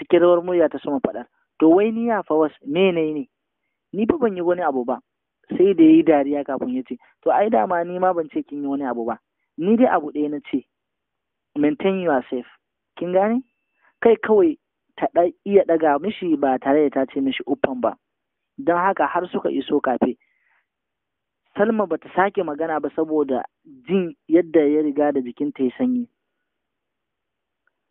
cikin rawar murya ta sama faɗar to wai ni ya fawas me ne ni fa ban yi wani abu ba sai da ya yi dariya kafin ya ce to ai dama ni ma ban ce kin yi wani abu ba ni dai abu ɗaya na ce maintain yourself kin gane kai kawai ta iya ɗaga mishi ba tare da ta ce mishi uffan ba don haka har suka iso kafe salma ba ta sake magana ba saboda jin yadda ya riga da jikinta ya sanyi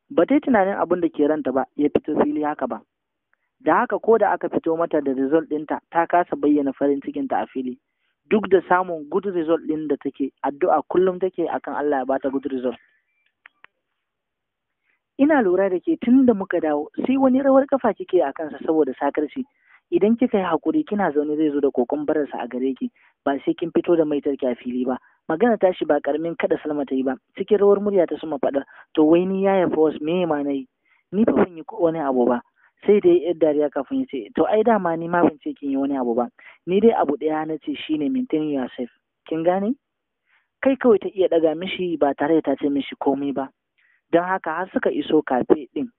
ba ta yi tunanin abin da ke ranta ba ya fito fili haka ba da haka ko da aka fito mata da result ɗinta ta kasa bayyana farin cikinta a fili duk da samun good result ɗin da take addu'a kullum take akan Allah ya bata good result ina lura da ke tun da muka dawo sai wani rawar kafa kike a kansa saboda sakarci idan kika yi hakuri kina zaune zai zo da kokon bararsa a gare ki ba sai kin fito da maitar a fili ba magana tashi ba karamin kada salma ta yi ba cikin rawar murya ta suma faɗa to wai ni ya yafa wasu me ma na yi ni ba ban yi wani abu ba sai da yar dariya kafin ya ce to ai dama ni ma ban ce kin yi wani abu ba ni dai abu ɗaya na ce shine maintain yourself kin gane kai kawai ta iya daga mishi ba tare da ta ce mishi komai ba don haka har suka iso kafe ɗin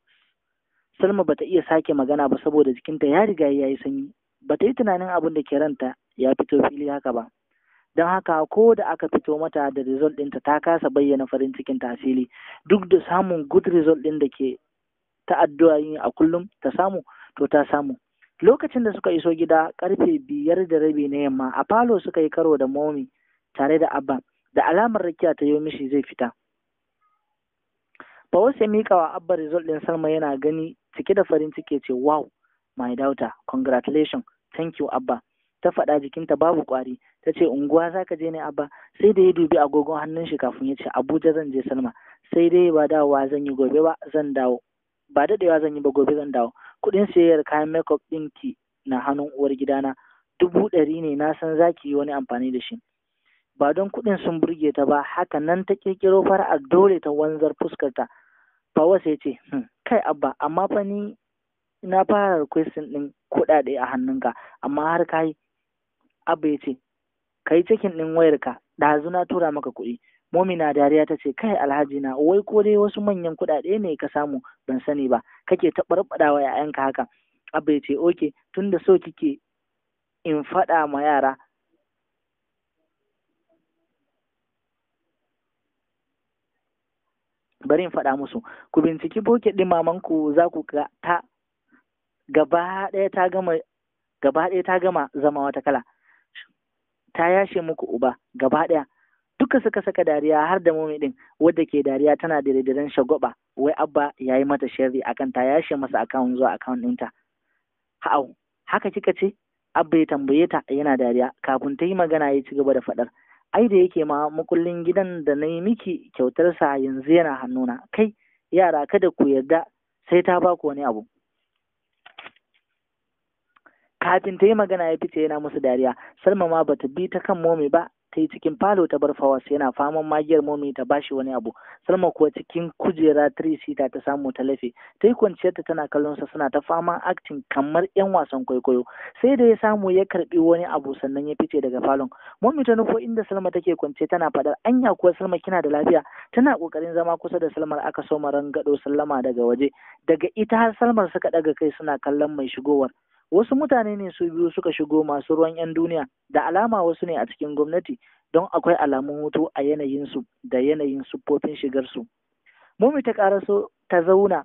salma bata iya sake magana ba saboda jikinta ya riga ya yi sanyi bata yi tunanin abin da ke ranta ya fito fili haka ba don haka ko da aka fito mata da result ɗinta ta kasa bayyana farin cikin tasiri, duk da samun good result ɗin da ke ta addu'a addu'o'i a kullum ta samu to ta samu lokacin da suka iso gida karfe biyar da rabi na yamma a falo suka yi karo da momi tare da abba da alamar rakiya ta yi mishi zai fita Fawaz ya mika wa abba result din Salma yana gani cike da farin ciki ce wow my daughter congratulations thank you abba ta faɗa jikinta babu ƙwari ta ce unguwa za ka je ne abba sai da ya dubi agogon hannun shi kafin ya ce abuja zan je salma sai dai ba dawowa zan yi gobe ba zan dawo ba dadewa zan yi ba gobe zan dawo kuɗin sayar kayan makeup ɗinki na hannun uwar gidana dubu ɗari ne na san za ki yi wani amfani da shi ba don kuɗin sun burge ta ba haka nan ta ƙirƙiro fara'ar dole ta wanzar fuskarta Fawa sai ce hmm, kai abba amma fa ni na fara requestin ɗin kuɗaɗe a hannunka amma har ka yi abba ya ce ka yi cikin ɗin wayarka ɗazu na tura maka kuɗi Momina dariya ta ce, Kai alhaji na, wai ko dai wasu manyan kuɗaɗe ne ka samu ban sani ba, kake ta wa ‘ya'yanka haka. Abba ya ce, Oke, tun so kike in faɗa ma yara. Bari in faɗa musu, ku binciki boke ɗin mamanku za ku ga ta gaba ɗaya ta gama gaba ɗaya ta gama zama wata kala. Ta yashe muku uba gaba ɗaya. duka suka saka dariya har da momi din wadda ke dariya tana da daidan shagwaba wai abba ya yi mata sharri akan ta yashe masa akawun zuwa akawun ɗinta ha'au haka kika ce abba ya tambaye ta yana dariya kafin ta yi magana ya ci gaba da faɗar ai da yake ma makullin gidan da na yi miki sa yanzu yana hannuna kai yara kada ku yarda sai ta ba ku wani abu kafin ta yi magana ya fice yana musu dariya salma ma bata bi ta kan momi ba ta yi cikin falo ta bar fawas yana faman magiyar momi ta bashi wani abu salma kuwa cikin kujera sita ta samu ta lafe ta yi kwanciyarta tana kallon sa suna ta faman acting kamar yan wasan kwaikwayo sai da ya samu ya karbi wani abu sannan ya fice daga falon momi ta nufo inda salma take kwance tana fadar anya kuwa salma kina da lafiya tana kokarin zama kusa da salmar aka so gado sallama daga waje daga ita har salmar suka daga kai suna kallon mai shigowar wasu mutane ne su biyu suka shigo masu ruwan 'yan duniya da alama wasu ne a cikin gwamnati don akwai alamun hutu a yanayinsu da yanayin siffofin shigarsu momi ta karaso ta zauna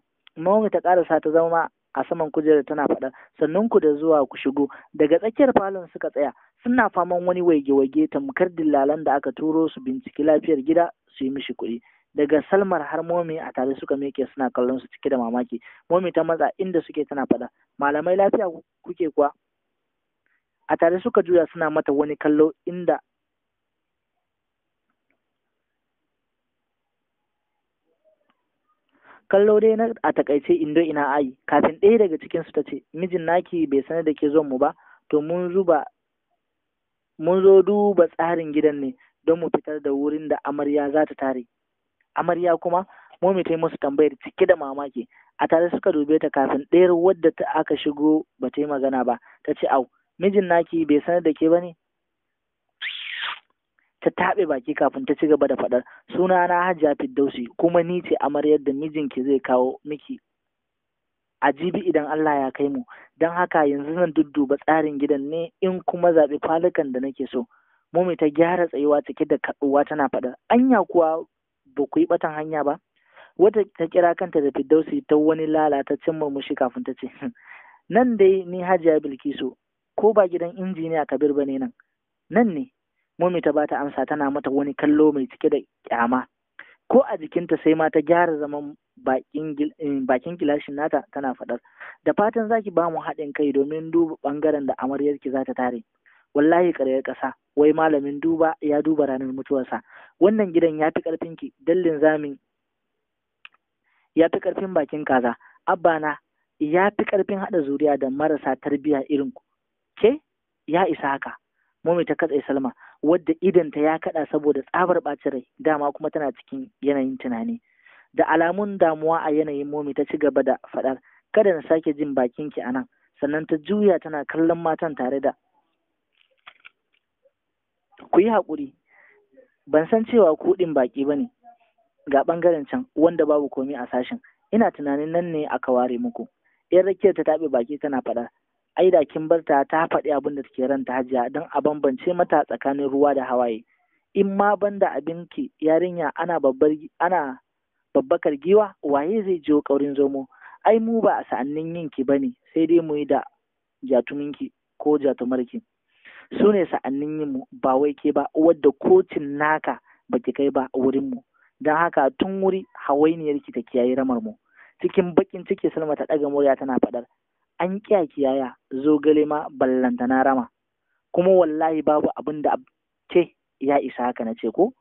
ta zama a saman kujerar tana faɗa sannan ku da zuwa ku shigo daga tsakiyar falon suka tsaya suna faman wani waige wage tamkar dillalan da aka turo su binciki lafiyar gida su yi mishi kuɗi daga salmar har momi a tare suka meke suna kallon su cike da mamaki momi ta matsa inda suke tana faɗa malamai lafiya kuke kuwa a tare suka juya suna mata wani kallo inda kallo dai na a takaice indo ina ai, kafin ɗaya daga cikinsu ta ce mijin naki bai sani da ke zuwan mu ba to mun zuba mun zo duba tsarin gidan ne don mu fitar da wurin da amarya za ta tare amarya kuma momi ta yi musu tambayar cike da mamaki a tare suka dube ta kafin ɗayar wadda ta aka shigo ba ta yi magana ba ta ce au mijin naki bai sanar da ke ba ne ta taɓe baki kafin ta ci gaba da faɗar suna na hajiya fiddausi kuma ni ce amaryar da mijinki zai kawo miki A jibi idan Allah ya kai mu don haka yanzu zan dudduba tsarin gidan ne in kuma zaɓi falukan da nake so momi ta gyara tsayuwa cike da kaɗuwa tana faɗar. anya kuwa ba ku yi batan hanya ba wata ta kira kanta da fiddausi ta wani lalataccen murmushi kafin ta ce hm, nan dai ni hajiya bilkisu ko ba gidan injiniya kabir ba ne nan nan ne mummy ta bata amsa tana mata wani kallo mai cike da kyama ko a jikinta sai ma ta gyara zaman bakin eh, gilashin nata tana faɗar da fatan zaki ba mu haɗin kai domin duba ɓangaren da amaryarki za ta tare wallahi karyar ƙasa wai malamin duba ya duba ranar mutuwarsa wannan gidan ya fi karfin ki dallin zamin ya fi ƙarfin bakin kaza Abba na ya fi ƙarfin haɗa zuriya da marasa tarbiyya irin ku ke ya isa haka mummy ta katse salma wadda ta ya kaɗa saboda tsabar ɓacin rai dama kuma tana cikin yanayin tunani da alamun damuwa a yanayin momi ta ci gaba da faɗar kada na sake jin bakin ki anan sannan ta juya tana kallon matan tare da ku yi haƙuri ban san cewa ku ɗin baƙi ba ne ga ɓangaren can wanda babu komai a sashen ina tunanin nan ne aka ware muku yan rakiyar ta taɓe baki tana faɗa ai da kin barta ta faɗi abin da take ranta hajiya don a bambance mata tsakanin ruwa da hawaye in ma banda abinki yarinya ana babbar ana babbakar giwa waye zai jiwo ƙaurin zomo ai mu ba a sa'annin yinki ba ne sai dai mu yi da jatuminki ko jatumarki su ne sa'annin yin mu ba wai ke ba wadda kocin naka baki kai ba wurin mu don haka tun wuri hawainiyar ki ta kiyaye ramar mu cikin bakin ciki Salma ta ɗaga murya tana faɗar an kiya kiyaya zo gale ma ballanta na rama kuma wallahi babu abin da ce ya isa haka na ce ko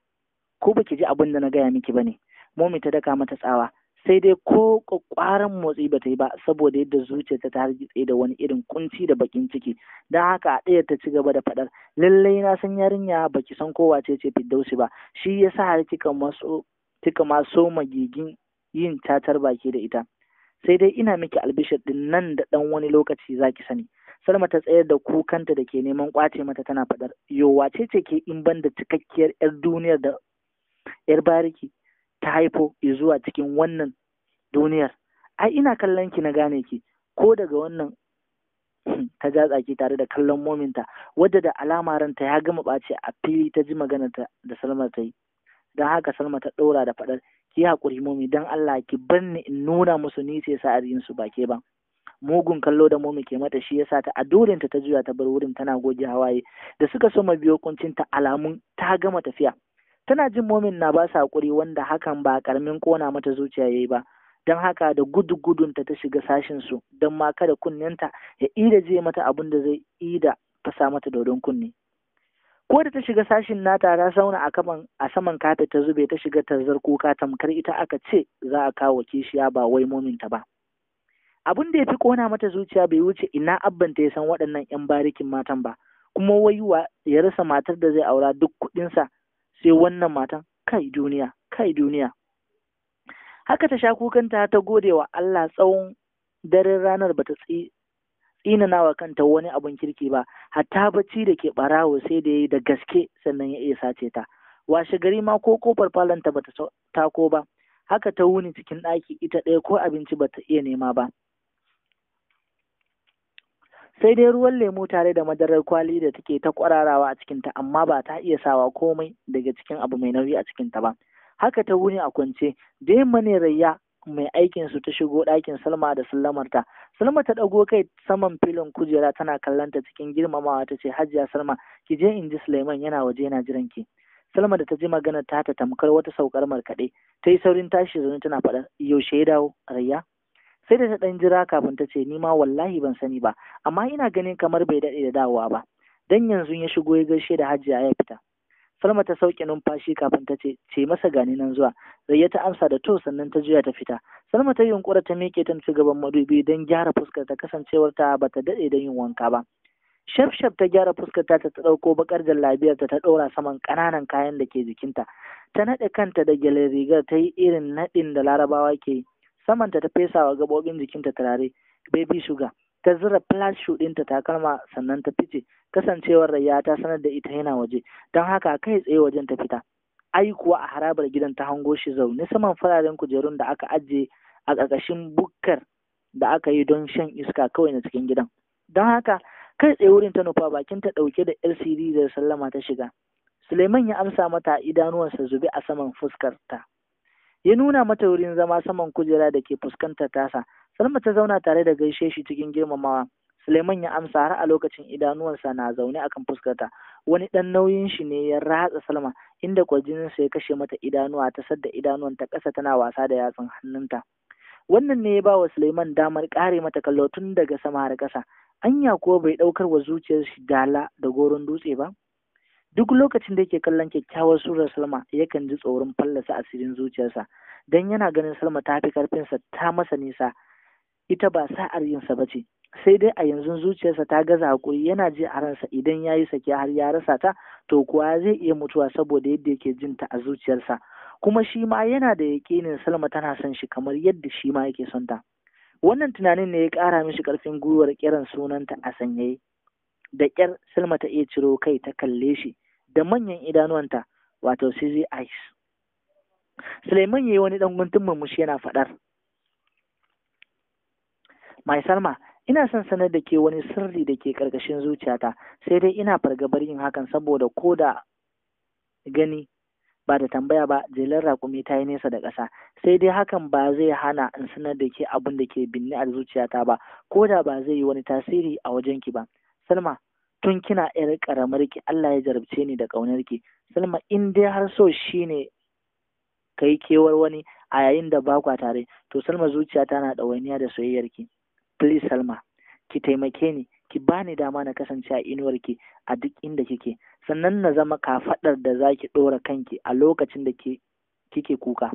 ko baki ji abin da na gaya miki bane momi ta daka mata tsawa sai dai ko kwakwaran motsi ba ta yi ba saboda yadda zuciyarta ta hargitse da wani irin kunci da bakin ciki don haka a ɗaya ta ci gaba da faɗar lallai na san yarinya baki san kowa ce ce fiddausi ba shi yasa har kika maso kika maso magigin yin tatar baki da ita sai dai ina miki albishir din nan da ɗan wani lokaci za ki sani Salma ta tsayar da kukanta da ke neman kwace mata tana faɗar yo wace ce ke in ban da cikakkiyar 'yar duniyar da 'yar bariki ta haifo zuwa cikin wannan duniyar ai ina kallon ki na gane ki ko daga wannan ta ja tsaki tare da kallon mominta wadda da alama ranta ya gama ɓaci a fili ta ji magana da salma ta yi don haka salma ta ɗora da faɗar ki haƙuri momi don allah ki bar ni in nuna musu ni ce sa su ba ke ba mugun kallo da momi ke mata shi yasa ta a ta juya ta bar wurin tana goge hawaye da suka soma biyo kuncinta alamun ta gama tafiya tana jin momin na ba sa hakuri wanda hakan ba karamin kona mata zuciya yayi ba don haka da gudu gudunta ta shiga sashin su don ma kada kunnenta ya ida je mata abin da zai ida sa mata dodon kunne ko da ta shiga sashin nata ta sauna a kaman a saman kafet ta zube ta shiga tarzar kuka tamkar ita aka ce za a kawo kishiya ba wai mominta ba abin da ya fi kona mata zuciya bai wuce ina abbanta ya san waɗannan 'yan barikin matan ba kuma wai ya rasa matar da zai aura duk kuɗinsa sai wannan matan kai duniya kai duniya haka ta sha kukanta ta gode wa Allah tsawon daren ranar bata tsi tsinana wa kanta wani abin kirki ba hatta bacci da ke ɓarawo sai da yi da gaske sannan ya iya sace ta washe gari ma ko kofar falonta bata tako ba haka ta wuni cikin ɗaki ita ɗaya ko abinci bata iya nema ba sai dai ruwan lemu tare da madarar kwali da take ta kwararawa a cikinta amma ba ta iya sawa komai daga cikin abu mai nauyi a cikinta ba haka ta wuni a kwance da yamma ne rayya mai aikin su ta shigo ɗakin salma da sallamarta salma ta ɗago kai saman filin kujera tana kallonta cikin girmamawa ta ce hajiya salma ki je in ji suleiman yana waje yana jiran ki salma da ta ji magana ta ta tamkar wata saukar markaɗe ta yi saurin tashi zaune tana faɗa yaushe ya dawo rayya sai da ta ɗan jira kafin ta ce ni ma wallahi ban sani ba amma ina ganin kamar bai daɗe da dawowa ba dan yanzu ya shigo ya gaishe da hajiya ya fita Salma ta sauke numfashi kafin ta ce ce masa gani nan zuwa zai ta amsa da to sannan ta juya ta fita Salma ta yunkura ta miƙe ta ci gaban madubi don gyara fuskar ta kasancewar ta bata daɗe da yin wanka ba shaf shaf ta gyara fuskar ta ta ɗauko bakar jallabiyar ta ta ɗora saman ƙananan kayan da ke jikinta ta naɗe kanta da gyalen rigar ta yi irin naɗin da larabawa ke yi samanta ta fesa wa gabobin jikinta turare baby sugar ta zura flash ɗinta takalma sannan ta fice kasancewar rayya ta sanar da ita yana waje don haka kai tsaye wajen ta fita ai kuwa a harabar gidan ta hango shi zaune saman fararen kujerun da aka ajiye a ƙarƙashin bukkar da aka yi don shan iska kawai na cikin gidan don haka kai tsaye wurin ta nufa bakin ta ɗauke da lcd da sallama ta shiga suleiman ya amsa mata idanuwansa zube a saman fuskarta ya nuna mata wurin zama saman kujera da ke fuskantar tasa salma ta zauna tare da gaishe shi cikin girmamawa suleiman ya amsa har a lokacin idanuwansa na zaune akan fuskarta wani dan nauyin shi ne ya ratsa salma inda kwajininsa ya kashe mata idanuwa ta sadda idanuwan ta ƙasa tana wasa da yatsun hannunta wannan ne ya ba wa suleiman damar kare mata kallo tun daga sama har ƙasa anya kuwa bai ɗaukar wa zuciyar shi dala da goron dutse ba duk lokacin da yake kallon kyakkyawar surar Salma yakan ji tsoron fallasa asirin zuciyarsa don yana ganin Salma ta fi karfinsa ta masa nisa ita ba sa'ar yinsa ba ce sai dai a yanzu zuciyarsa ta gaza hakuri yana ji a ransa idan ya yi sake har ya rasa ta to kuwa zai iya mutuwa saboda yadda yake jin ta a zuciyarsa kuma shi ma yana da yaƙinin Salma tana son shi kamar yadda shi ma yake son ta wannan tunanin ne ya ƙara mishi ƙarfin gwiwar kiran sunanta a sanyaye da ƙyar Salma ta iya ciro kai ta kalle shi da manyan idanuwanta wato CZ eyes suleiman ya yi wani ɗan guntun murmushi yana faɗar mai salma ina son sanar da ke wani sirri da ke ƙarƙashin zuciyata sai dai ina fargabar yin hakan saboda ko da gani ba da tambaya ba jelar raƙumi ta yi nesa da ƙasa sai dai hakan ba zai hana in sanar da ke abin da ke binne a zuciyata ba ko da ba zai yi wani tasiri a wajenki ba salma tun kina ƴar ƙaramar ki Allah ya jarabce ni da ƙaunar ki Salma in dai har so shine kai kewar wani a yayin da ba kwa tare to Salma zuciya tana ɗawainiya da soyayyar ki please Salma ki taimake ni ki bani dama na kasance a inuwar ki a duk inda kike sannan na zama kafaɗar da zaki ɗora kanki a lokacin da kike kuka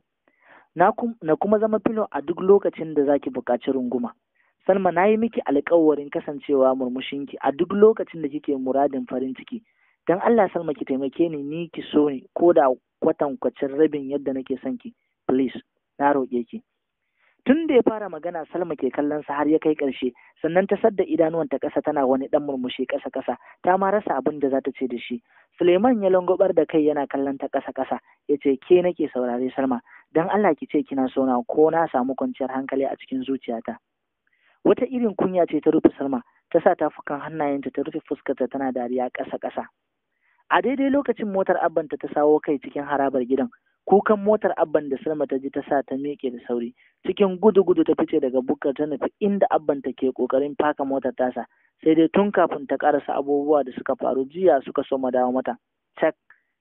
na kuma zama filo a duk lokacin da zaki buƙaci runguma Salma na yi miki alkawarin kasancewa murmushinki a duk lokacin da kike muradin farin ciki. Dan Allah Salma ki taimake ni ni ki so ni ko da kwatankwacin rabin yadda nake son ki. Please, na roƙe ki. Tun da ya fara magana Salma ke kallon sa har ya kai ƙarshe, sannan ta sadda idanuwan ƙasa tana wani ɗan murmushi ƙasa ƙasa, ta ma rasa abin da za ta ce da shi. Suleiman ya langobar da kai yana kallon ta ƙasa ƙasa, ya ce ke nake saurare Salma, don Allah ki ce kina sona ko na samu kwanciyar hankali a cikin zuciyata. wata irin kunya ce ta rufe salma ta sa tafukan hannayenta ta rufe fuskarta tana dariya ƙasa ƙasa a daidai lokacin motar abbanta ta sawo kai cikin harabar gidan kukan motar abban da salma ta ji ta sa ta miƙe da sauri cikin gudu gudu ta fice daga bukkar ta nufi inda ta ke ƙoƙarin faka motar tasa sai dai tun kafin ta ƙarasa abubuwa da suka faru jiya suka so dawo mata cak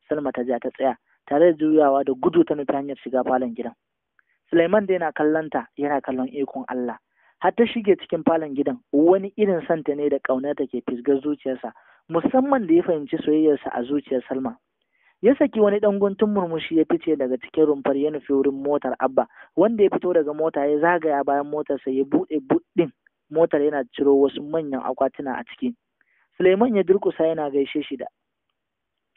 salma ta ja ta tsaya tare da juyawa da gudu ta nufi hanyar shiga falon gidan suleiman da yana kallon ta yana kallon ikon allah har ta shige cikin falon gidan wani irin santa ne da ƙauna take fisgar zuciyarsa musamman da ya fahimci soyayyarsa a zuciyar Salma ya saki wani ɗan guntun murmushi ya fice daga cikin rumfar ya nufi wurin motar Abba wanda ya fito daga mota ya zagaya bayan motarsa ya buɗe buɗin motar yana ciro wasu manyan akwatuna a ciki Suleiman ya durƙusa yana gaishe shi da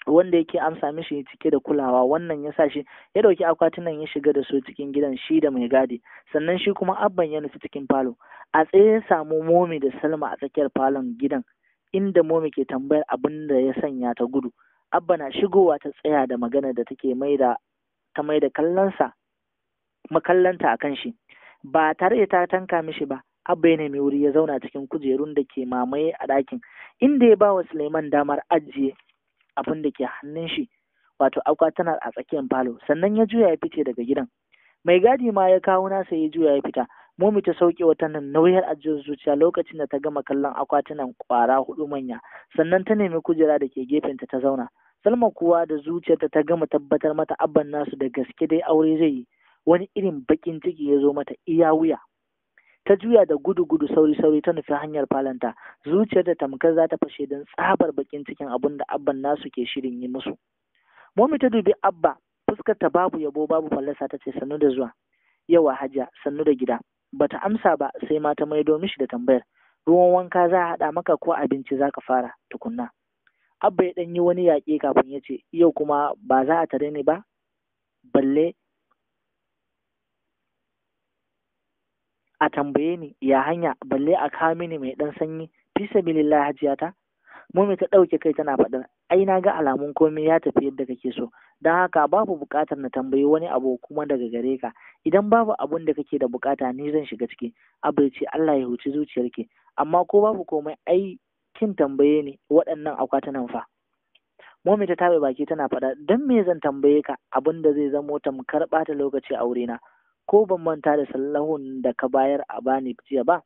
wanda yake an sami shi cike da kulawa wannan ya sa shi ya dauki akwatunan ya shiga da su cikin gidan shi da mai gadi sannan shi kuma abban ya nufi cikin falo a tsaye ya samu momi da salma a tsakiyar falon gidan inda momi ke tambayar abin da ya sanya ta gudu abba na shigowa ta tsaya da magana da take da ta maida kallonsa makallanta a kan shi ba tare da ta tanka mishi ba abba ya nemi wuri ya zauna cikin kujerun da ke mamaye a ɗakin inda ya ba wa suleiman damar ajiye abin da ke hannun shi wato akwatuna a tsakiyar falo sannan ya juya ya fice daga gidan mai gadi ma ya kawo nasa ya juya ya fita momi ta sauke wata nan nauyar ajiyar zuciya lokacin da ta gama kallon akwatunan kwara hudu manya sannan ta nemi kujera da ke gefenta ta zauna salma kuwa da zuciyarta ta gama tabbatar mata abban nasu da gaske dai aure zai yi wani irin bakin ciki ya zo mata iya wuya ta juya da gudu-gudu sauri-sauri ta nufi hanyar falanta zuciyar da tamkar za ta fashe don tsabar bakin cikin abin da abban nasu ke shirin yi musu momi ta dubi abba fuskar ta babu yabo babu fallasa ta ce sannu da zuwa yawa hajiya sannu da gida bata amsa ba sai ma ta maido mishi da tambayar ruwan wanka za a haɗa maka ko abinci za ka fara tukunna abba ya ɗan yi wani yaƙi kafin ya ce yau kuma ba za a tare ni ba balle a tambaye ni ya hanya balle a kawo mini mai dan sanyi fi sabilillah hajiyata ta? ta ɗauke kai tana faɗin ai na ga alamun komai ya tafi yadda kake so don haka babu buƙatar na tambayi wani abu kuma daga gare ka idan babu abun da kake da buƙata ni zan shiga ciki abirci Allah ya huci zuciyarki amma ko babu komai ai kin tambaye ni waɗannan nan fa Momi ta tabe baki tana faɗa don me zan tambaye ka abin da zai zamo tamkar ɓata lokaci a wurina ko ban manta da sallahun da ka bayar a bani jiya ba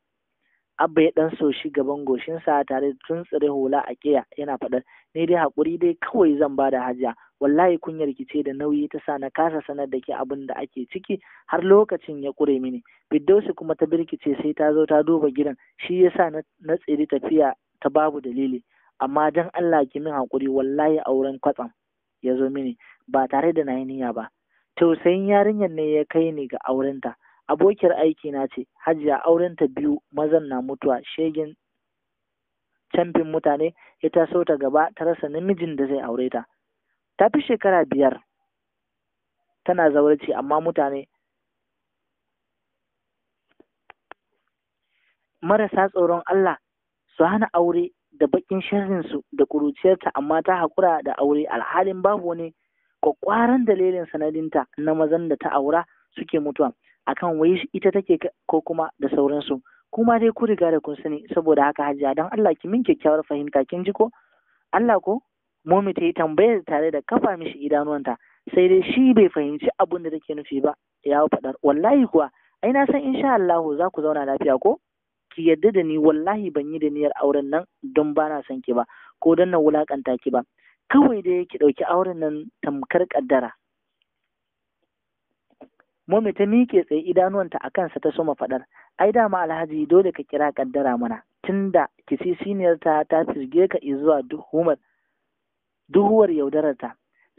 abba ya ɗan so shi gaban goshinsa tare da tsire hula a ƙiya yana faɗar ni dai haƙuri dai kawai zan ba da hajiya wallahi kunyar kice da nauyi ta sa na kasa sanar da ke abin da ake ciki har lokacin ya ƙure mini biddausi kuma ta birkice sai ta zo ta duba gidan shi ya sa na tsiri tafiya ta babu dalili amma dan allah ki min haƙuri wallahi auren kwatsam ya zo mini ba tare da na yi niyya ba tausayin yarinyar ne ya kai ni ga aurenta abokiyar aiki na ce hajiya aurenta biyu mazan na mutuwa shegen camfin mutane ya taso ta gaba ta rasa namijin da zai aure ta ta fi shekara biyar tana zawarci amma mutane marasa tsoron Allah su hana aure da bakin shirinsu da ƙuruciyarta amma ta haƙura da aure alhalin babu wani kwakwaran dalilin sanadinta na mazan da ta aura suke mutuwa akan wai ita take ko kuma da sauransu kuma dai ku riga da kun sani saboda haka hajiya don Allah ki min kyakkyawar fahimta kin ji ko Allah ko momi ta yi tambayar tare da kafa mishi idanuwanta sai dai shi bai fahimci abin da take nufi ba ya faɗar wallahi kuwa ai na san insha Allah za ku zauna lafiya ko ki yadda da ni wallahi ban yi da niyyar auren nan don ba na son ki ba ko don na wulakanta ki ba kawai da yake ɗauki auren nan tamkar ƙaddara Mome ta miƙe tsaye idanuwanta a kansa ta soma faɗar ai dama alhaji dole ka kira ƙaddara mana tunda kisi siniyar ta ta firge ka zuwa duhumar duhuwar yaudararta.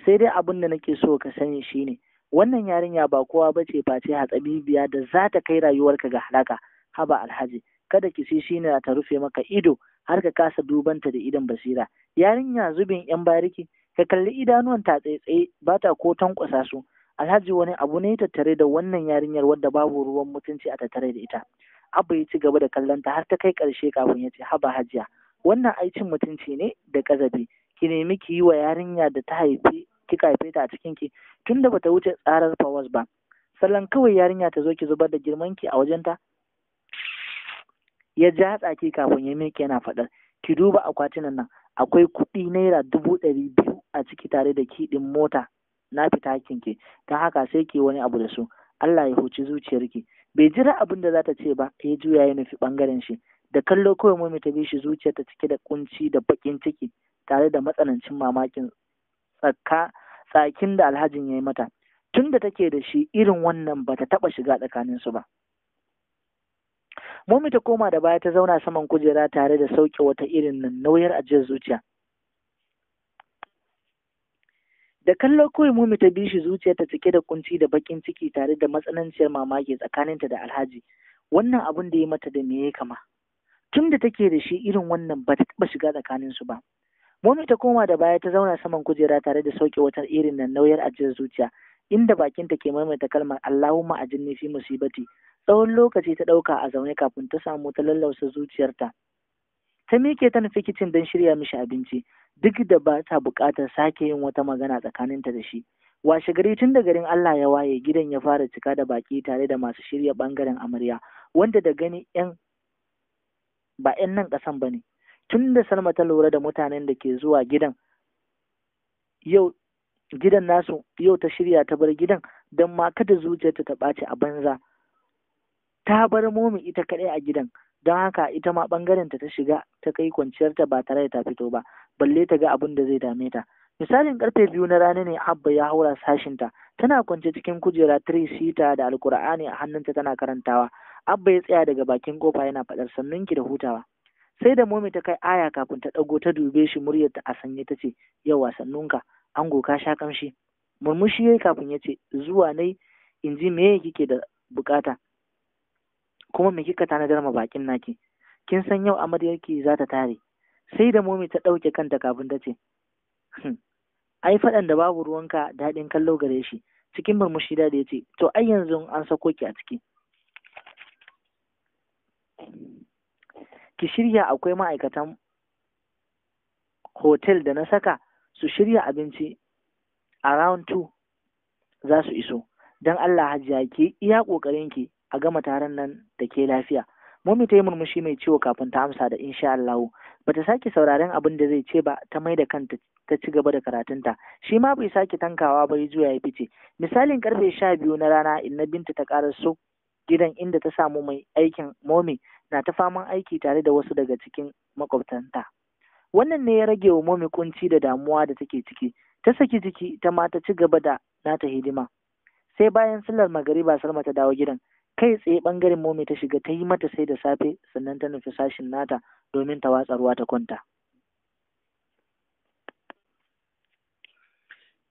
sai dai abin da nake so ka sani shi ne. wannan yarinya ba kowa ba ce face hatsabibiya da za ta kai rayuwarka ga halaka haba alhaji kada kisi siniyar ta rufe maka ido har ka kasa dubanta da idan basira yarinya zubin yan bariki ka kalli idanuwan ta tsaitsaye ba ta ko tankwasa su alhaji wani abu ne tattare da wannan yarinyar wadda babu ruwan mutunci a tattare da ita abu ya ci gaba da kallon ta har ta kai karshe kafin ya ce haba hajiya wannan aicin mutunci ne da kazabi ki nemi ki yi wa yarinya da ta haife kika haife ta a cikin ki tunda bata wuce tsarar fawas ba sallan kawai yarinya ta zo ki zubar da girman ki a wajenta ya ja tsaki kafin ya miƙe yana faɗar ki duba akwatinan nan akwai kuɗi naira dubu ɗari biyu a ciki tare da kiɗin mota na fita hakkin ki ta haka sai ke wani abu da su Allah ya huci zuciyarki bai jira abin da za ta ce ba ya juya ya nufi bangaren shi da kallo kawai mami ta bi shi zuciyarta cike da kunci da bakin ciki tare da matsanancin mamakin tsaka tsakin da alhajin ya yi mata Tunda da take da shi irin wannan ba ta taɓa shiga tsakaninsu ba Momi ta koma da baya ta zauna saman kujera tare da sauke wata irin nan nauyar ajiyar zuciya. Da kallo kawai Momi ta bi shi zuciyarta cike da kunci da bakin ciki tare da matsananciyar mamaki tsakaninta da Alhaji. Wannan abun da ya mata da me ya kama. Tun da take da shi irin wannan ba ta taɓa shiga tsakaninsu ba. Momi ta koma da baya ta zauna saman kujera tare da sauke wata irin nan nauyar ajiyar zuciya. inda bakinta ke maimaita kalmar Allahumma ajinni fi musibati tsawon lokaci ta ɗauka a zaune kafin ta samu ta lallausa zuciyarta ta miƙe ta nufi kicin don shirya mishi abinci duk da ba ta buƙatar sake yin wata magana tsakaninta da shi washe gari tun da garin Allah ya waye gidan ya fara cika da baki tare da masu shirya ɓangaren amarya wanda da gani 'yan ba 'yan nan ƙasan ba ne tun da Salma ta lura da mutanen da ke zuwa gidan yau gidan nasu yau ta shirya ta bar gidan don ma kada zuciyarta ta ɓaci a banza ta bar momi ita kaɗai a gidan don haka ita ma ɓangaren ta shiga ta kai kwanciyarta ba tare da ta fito ba balle ta ga abin da zai dame ta misalin karfe biyu na rana ne abba ya haura sashinta tana kwance cikin kujera tiri sita da alkur'ani a hannunta tana karantawa abba ya tsaya daga bakin kofa yana faɗar sannunki da hutawa sai da momi ta kai aya kafin ta ɗago ta dube shi muryar ta a sanye ta ce yawa sannunka ango ka sha kamshi murmushi yayi kafin ya ce zuwa nai in ji me kike da bukata kuma me kika tanadar ma bakin naki kin san yau ki za ta tare sai da momi ta ɗauke kanta kafin ta ce hmm, ai faɗan da babu ruwanka daɗin kallo gare shi cikin murmushi da ya ce to ai yanzu an sako ki a ciki ki shirya akwai ma'aikatan hotel da na saka su shirya abinci a round two za su iso don Allah hajiya ki iya ƙoƙarin ki a gama taron nan da ke lafiya Mummy ta yi murmushi mai ciwo kafin ta amsa da insha Allah. Bata sake sauraren abin da zai ce ba ta mai da kanta ta ci gaba da karatunta. Shi ma bai sake tankawa ba ya juya ya fice. Misalin karfe sha biyu na rana inna binta ta so gidan inda ta samu mai aikin momi na ta faman aiki tare da wasu daga cikin makwabtanta. Wannan ne ya rage wa momi kunci da damuwa da take ciki. Ta saki jiki ta mata ci gaba da nata hidima. Sai bayan sallar magariba Salma ta dawo gidan. kai tsaye bangaren momi ta shiga ta yi mata sai da safe sannan ta nufi sashin nata domin ta watsa ruwa ta kwanta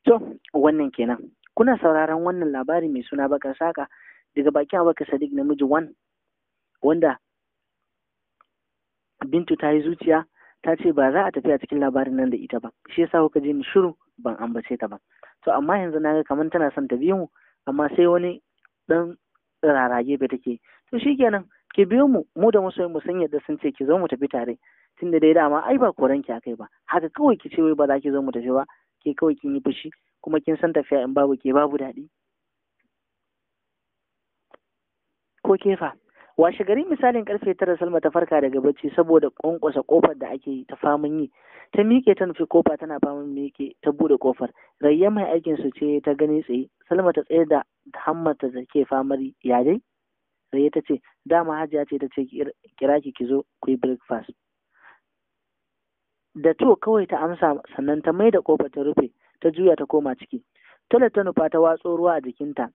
to wannan kenan kuna sauraron wannan labari mai suna bakar saka daga bakin abokan sadiq namiji wan wanda bintu ta yi zuciya ta ce ba za a tafi a cikin labarin nan da ita ba shi yasa kuka je ni shiru ban ambace ta ba to amma yanzu na ga kamar tana son ta biyu amma sai wani ɗan. tsirara gefe take to shikenan ki biyo mu mu da masoyin mu sun yadda sun ce ki zo mu tafi tare tunda dai dama ai ba koran ki akai ba haka kawai ki ce wai ba za ki zo mu tafi ba ke kawai kin yi fushi kuma kin san tafiya in babu ke babu daɗi ko kefa washe gari misalin karfe tara salma ta farka daga bacci saboda kwankwasa kofar da ake ta faman yi ta miƙe ta nufi kofa tana faman miƙe ta buɗe kofar rayya mai aikin su ce ta gani tsaye salma ta tsaye da hammar da ke famar yare rayya ta ce dama hajiya ce ta ce kira ki ki zo ku yi breakfast da to kawai ta amsa sannan ta mai da kofar ta rufe ta juya ta koma ciki tole ta nufa ta watso ruwa a jikinta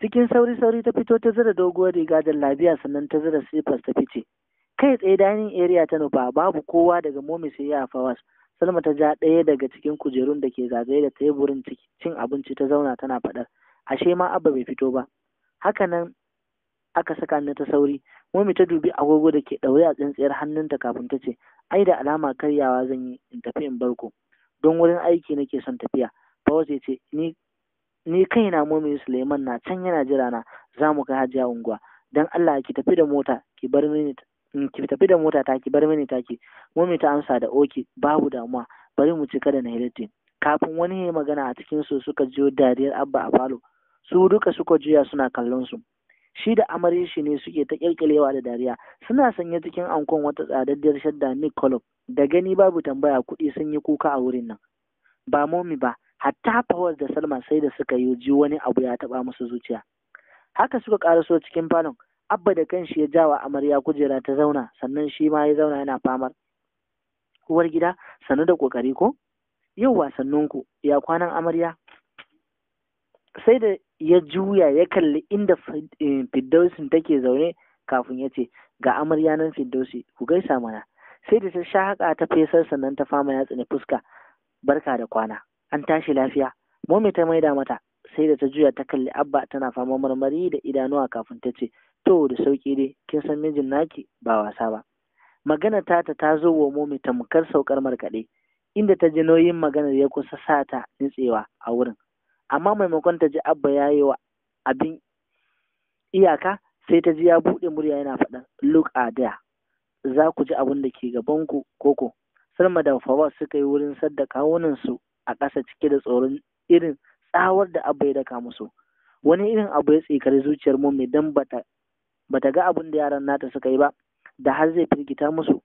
cikin sauri-sauri ta fito ta zira doguwar riga da labiya sannan ta zira slippers ta fice kai tsaye dining area ta nufa babu kowa daga momi sai ya fawas salma ta ja ɗaya daga cikin kujerun da ke zagaye da teburin cin abinci ta zauna tana faɗar ashe ma abba bai fito ba hakanan aka saka ni ta sauri momi ta dubi agogo da ke ɗaure a tsintsiyar hannunta kafin ta ce ai da alama karyawa zan yi in tafi in barko don wurin aiki nake son tafiya fawas ya ce ni ni kaina mami Suleiman na can yana jira na za mu kai hajiya unguwa dan Allah ki tafi da mota ki bar mini mm, ki tafi da mota ta ki bar mini mami ta amsa da oke babu damuwa bari mu cika da Nahilati kafin wani ya magana a cikin su suka jiyo dariyar Abba a falo su duka suka juya suna kallon su shi da amaryar shi ne suke ta kirkirewa da dariya suna sanye cikin ankon wata tsadaddiyar shadda Nick Colop da gani babu tambaya kuɗi sun yi kuka a wurin nan ba momi ba hatta fawaz da salma sai da suka yi ji wani abu ya taba musu zuciya haka suka karaso cikin falon abba da kanshi ya jawa amarya kujera ta zauna sannan shi ma ya zauna yana famar uwar gida sannu da kokari ko yau wasanninku ya kwanan amarya sai da ya juya ya kalli inda eh, fiddausin take zaune kafin ya ce ga amarya nan fiddausi ku gaisa mana sai da ta sha haka ta fesar sannan ta fama ya ne fuska barka da kwana an tashi lafiya momi ta maida mata sai da ta juya ta kalli abba tana fama marmari da idanuwa kafin ta ce to da sauki dai kin san mijin naki ba wasa ba magana tata ta zo wa momi mukar saukar markaɗe inda ta ji nauyin maganar ya kusa sa ta nitsewa a wurin amma maimakon ta ji abba ya yi wa abin iyaka sai ta ji ya buɗe murya yana faɗa look a there za ku ji abin da ke gabanku koko salma da fawa suka yi wurin sadda kawunansu a ƙasa cike da tsoron irin tsawar da abu ya daka musu wani irin abu ya tsikari zuciyar mummi don bata ga abin da yaran nata suka yi ba da har zai firgita musu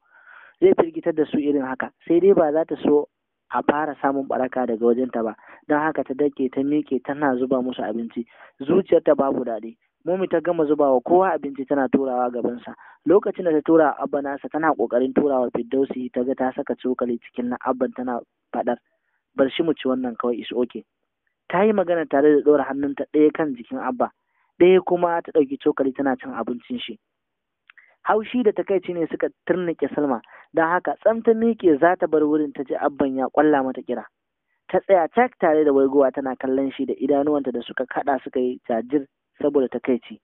zai firgitar da su irin haka sai dai ba za ta so a fara samun baraka daga wajenta ba don haka ta dake ta miƙe tana zuba musu abinci zuciyarta babu daɗi Mummy ta gama zubawa kowa abinci tana turawa gabansa lokacin da ta tura abba nasa tana ƙoƙarin turawa firdausi ta ga ta saka cokali cikin na abban tana faɗar bar shi mu ci wannan kawai is okay ta yi magana tare da ɗora hannunta ɗaya kan jikin abba ɗaya kuma ta ɗauki cokali tana cin abincin shi haushi da takaici ne suka turnike salma don haka tsamtan mike miƙe za ta bar wurin ta ji abban ya ƙwalla mata kira ta tsaya cak tare da waiguwa tana kallon shi da idanuwanta da suka kaɗa suka yi jajir saboda takaici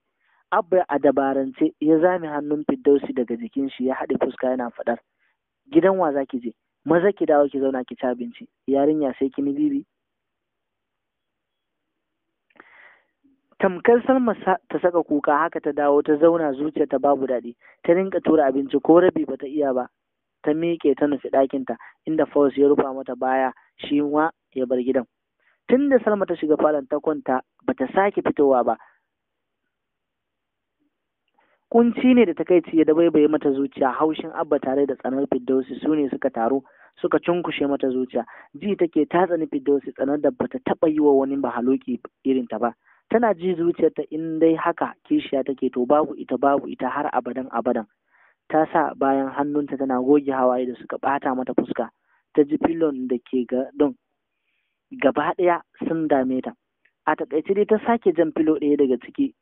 abba a dabarance ya zame hannun fiddausi daga jikin shi ya haɗe fuska yana faɗar gidan wa zaki je maza ki dawo ki zauna ki ci abinci yarinya sai ki bibi tamkar salma ta saka kuka haka ta dawo ta zauna zuciya ta babu daɗi ta rinka tura abinci ko rabi bata iya ba ta miƙe ta nufi ɗakinta inda faus ya rufa mata baya shi ma ya bar gidan Tunda salma ta shiga falon ta kwanta bata sake fitowa ba kunci ne da takaici ya dabaibaye mata zuciya haushin abba tare da tsanar fiddausi su ne suka taru suka cunkushe mata zuciya ji take ta tsani fiddausi tsanar da bata taba yi wa wani bahaloki irin ta ba tana ji zuciyarta in dai haka kishiya take to babu ita babu ita har abadan abadan ta sa bayan hannunta tana goge hawaye da suka bata mata fuska ta ji filon da ke ga don gaba ɗaya sun dame ta a takaice dai ta sake jan filo ɗaya daga ciki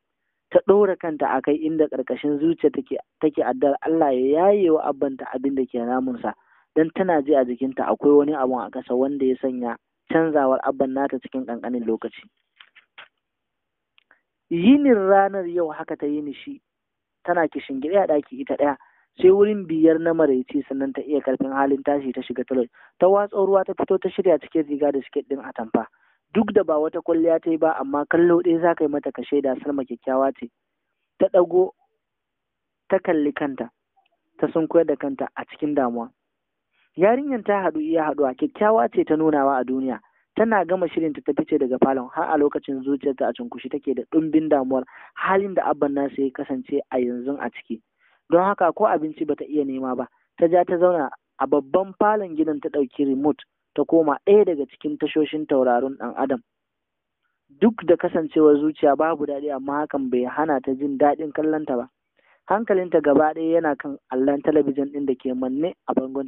ta ɗora kanta a kai inda ƙarƙashin zuciya take addar Allah ya yaye wa abbanta abin da ke namunsa don tana ji a jikinta akwai wani abun a ƙasa wanda ya sanya canzawar abban nata cikin ƙanƙanin lokaci. Yinin ranar yau haka ta yini shi tana gida a ɗaki ita ɗaya sai wurin biyar na maraice sannan ta iya karfin halin tashi ta shiga talo ta watsa ruwa ta fito ta shirya cikin riga da siket ɗin atamfa. duk da ba wata kwalliya ta yi ba amma kallo ɗaya za ka yi mata ka shaida salma kyakkyawa ce ta ɗago ta kalli kanta ta sun da kanta a cikin damuwa yarinyar ta haɗu iya haɗuwa kyakkyawa ce ta nunawa a duniya tana gama shirin ta fice daga falon har a lokacin zuciyarta a cunkushe take da ɗumbin damuwar halin da abban nasu ya kasance a yanzu a ciki don haka ko abinci bata iya nema ba ta ja ta zauna a babban falon gidan ta ɗauki remote ta koma ɗaya daga cikin tashoshin tauraron ɗan adam duk da kasancewar zuciya babu daɗi amma hakan bai hana ta jin daɗin kallonta ba hankalinta gaba ɗaya yana kan allon talabijin ɗin da ke manne a bangon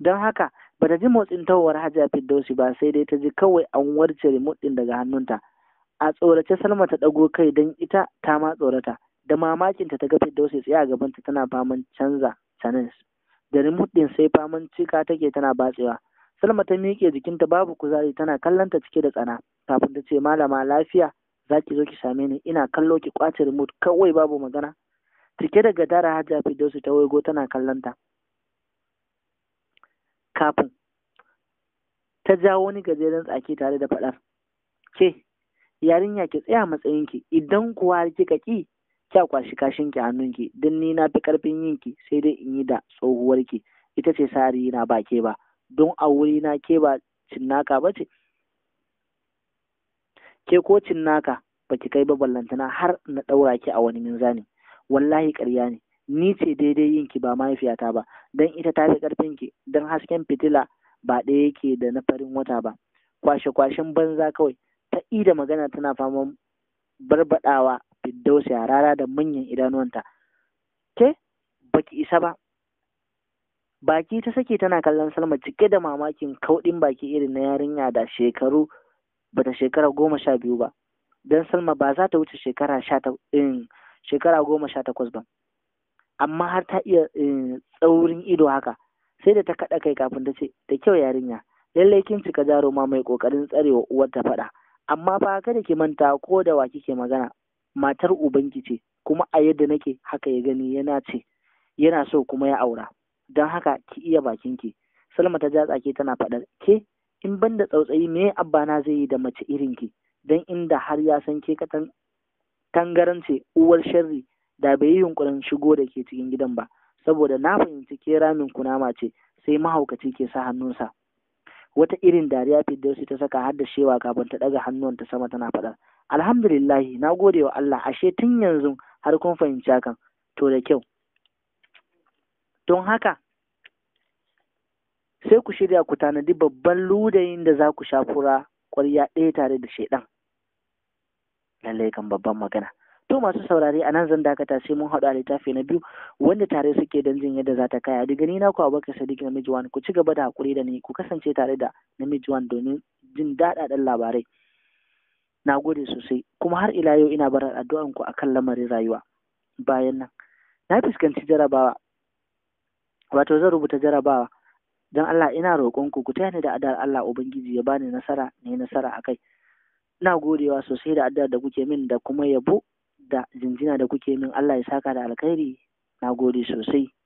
don haka ba ta ji motsin tawar hajiya firdausi ba sai dai ta ji kawai an warce remote ɗin daga hannunta a tsorace salma ta ɗago kai don ita ta ma tsorata da mamakinta ta ga firdausi tsaye a gabanta tana faman canza canins. da rimuɗin ɗin sai faman cika take tana batsewa salma ta miƙe jikinta babu kuzari tana kallonta cike da tsana kafin ta ce malama lafiya za ki zo ki same ni ina kallo ki kwace rimut kawai babu magana cike da gadara hajja fidosu ta waigo tana kallonta kafin ta ja wani gajeren tsaki tare da faɗar ke yarinya ki tsaya matsayinki idan kuwa kika ƙi. sa kwashi kashin ki hannun ki din ni na fi karfin yin ki sai dai in yi da tsohuwar ki ita ce sari na ba ke ba don a wuri na ke ba cinnaka ba ce ke ko cinnaka ba ki kai ba ballantana har na ɗaura ki a wani minzani wallahi ƙarya ne ni ce daidai yin ki ba mahaifiyata ba don ita ta fi ƙarfin ki don hasken fitila ba ɗaya yake da na farin wata ba kwashe kwashen banza kawai ta ida magana tana faman barbaɗawa ya rara da manyan idanuwanta ke baki isa ba baki ta sake tana kallon salma cike da mamakin kauɗin baki irin na yarinya da shekaru bata shekara goma sha biyu ba don salma ba za ta wuce shekara sha eh, shekara goma sha takwas ba amma har ta iya eh, tsaurin ido haka sai da ta kaɗa kai kafin ta ce da kyau yarinya lallai kin cika jaruma mai ƙoƙarin tsarewa uwar ta faɗa amma ka kada ki manta ko da wa kike magana matar Ubangi ce kuma a yadda nake haka ya gani yana ce yana so kuma ya aura don haka ki iya bakin ki salma ta ja ke tana faɗar? ke in banda da tsautsayi me abbana zai yi da mace irin ki? don inda har ya san ke ka tangarance uwar sharri da bai yi yunkurin shigo da ke cikin gidan ba saboda na fahimci ke ramin kunama ce sai mahaukaci ke sa hannunsa wata irin dariya firdausi ta saka har da shewa kafin ta ɗaga hannuwanta sama tana faɗar. alhamdulillahi na gode wa Allah ashe tun yanzu har kun fahimci hakan to da kyau don haka sai ku shirya ku tanadi babban ludayin da za ku shafura ƙwarya ɗaya tare da shaidan lallai kan babban magana to masu saurare a nan zan dakata sai mun haɗu a littafi na biyu wanda tare suke don jin yadda za ta kaya daga ni na ku abubakar sadiq namiji wani ku ci gaba da haƙuri da ni ku kasance tare da namiji wani domin jin daɗaɗɗen labarai na gode sosai kuma har ila yau ina barar addu'an ku akan lamarin rayuwa bayan nan na fuskanci jarabawa wato zan rubuta jarabawa don Allah ina roƙon ku ku tayani da addu'ar Allah ubangiji ya bani nasara ne nasara akai ina godewa sosai da addu'ar da kuke min da kuma yabo da jinjina da kuke min Allah ya saka da alkhairi na gode sosai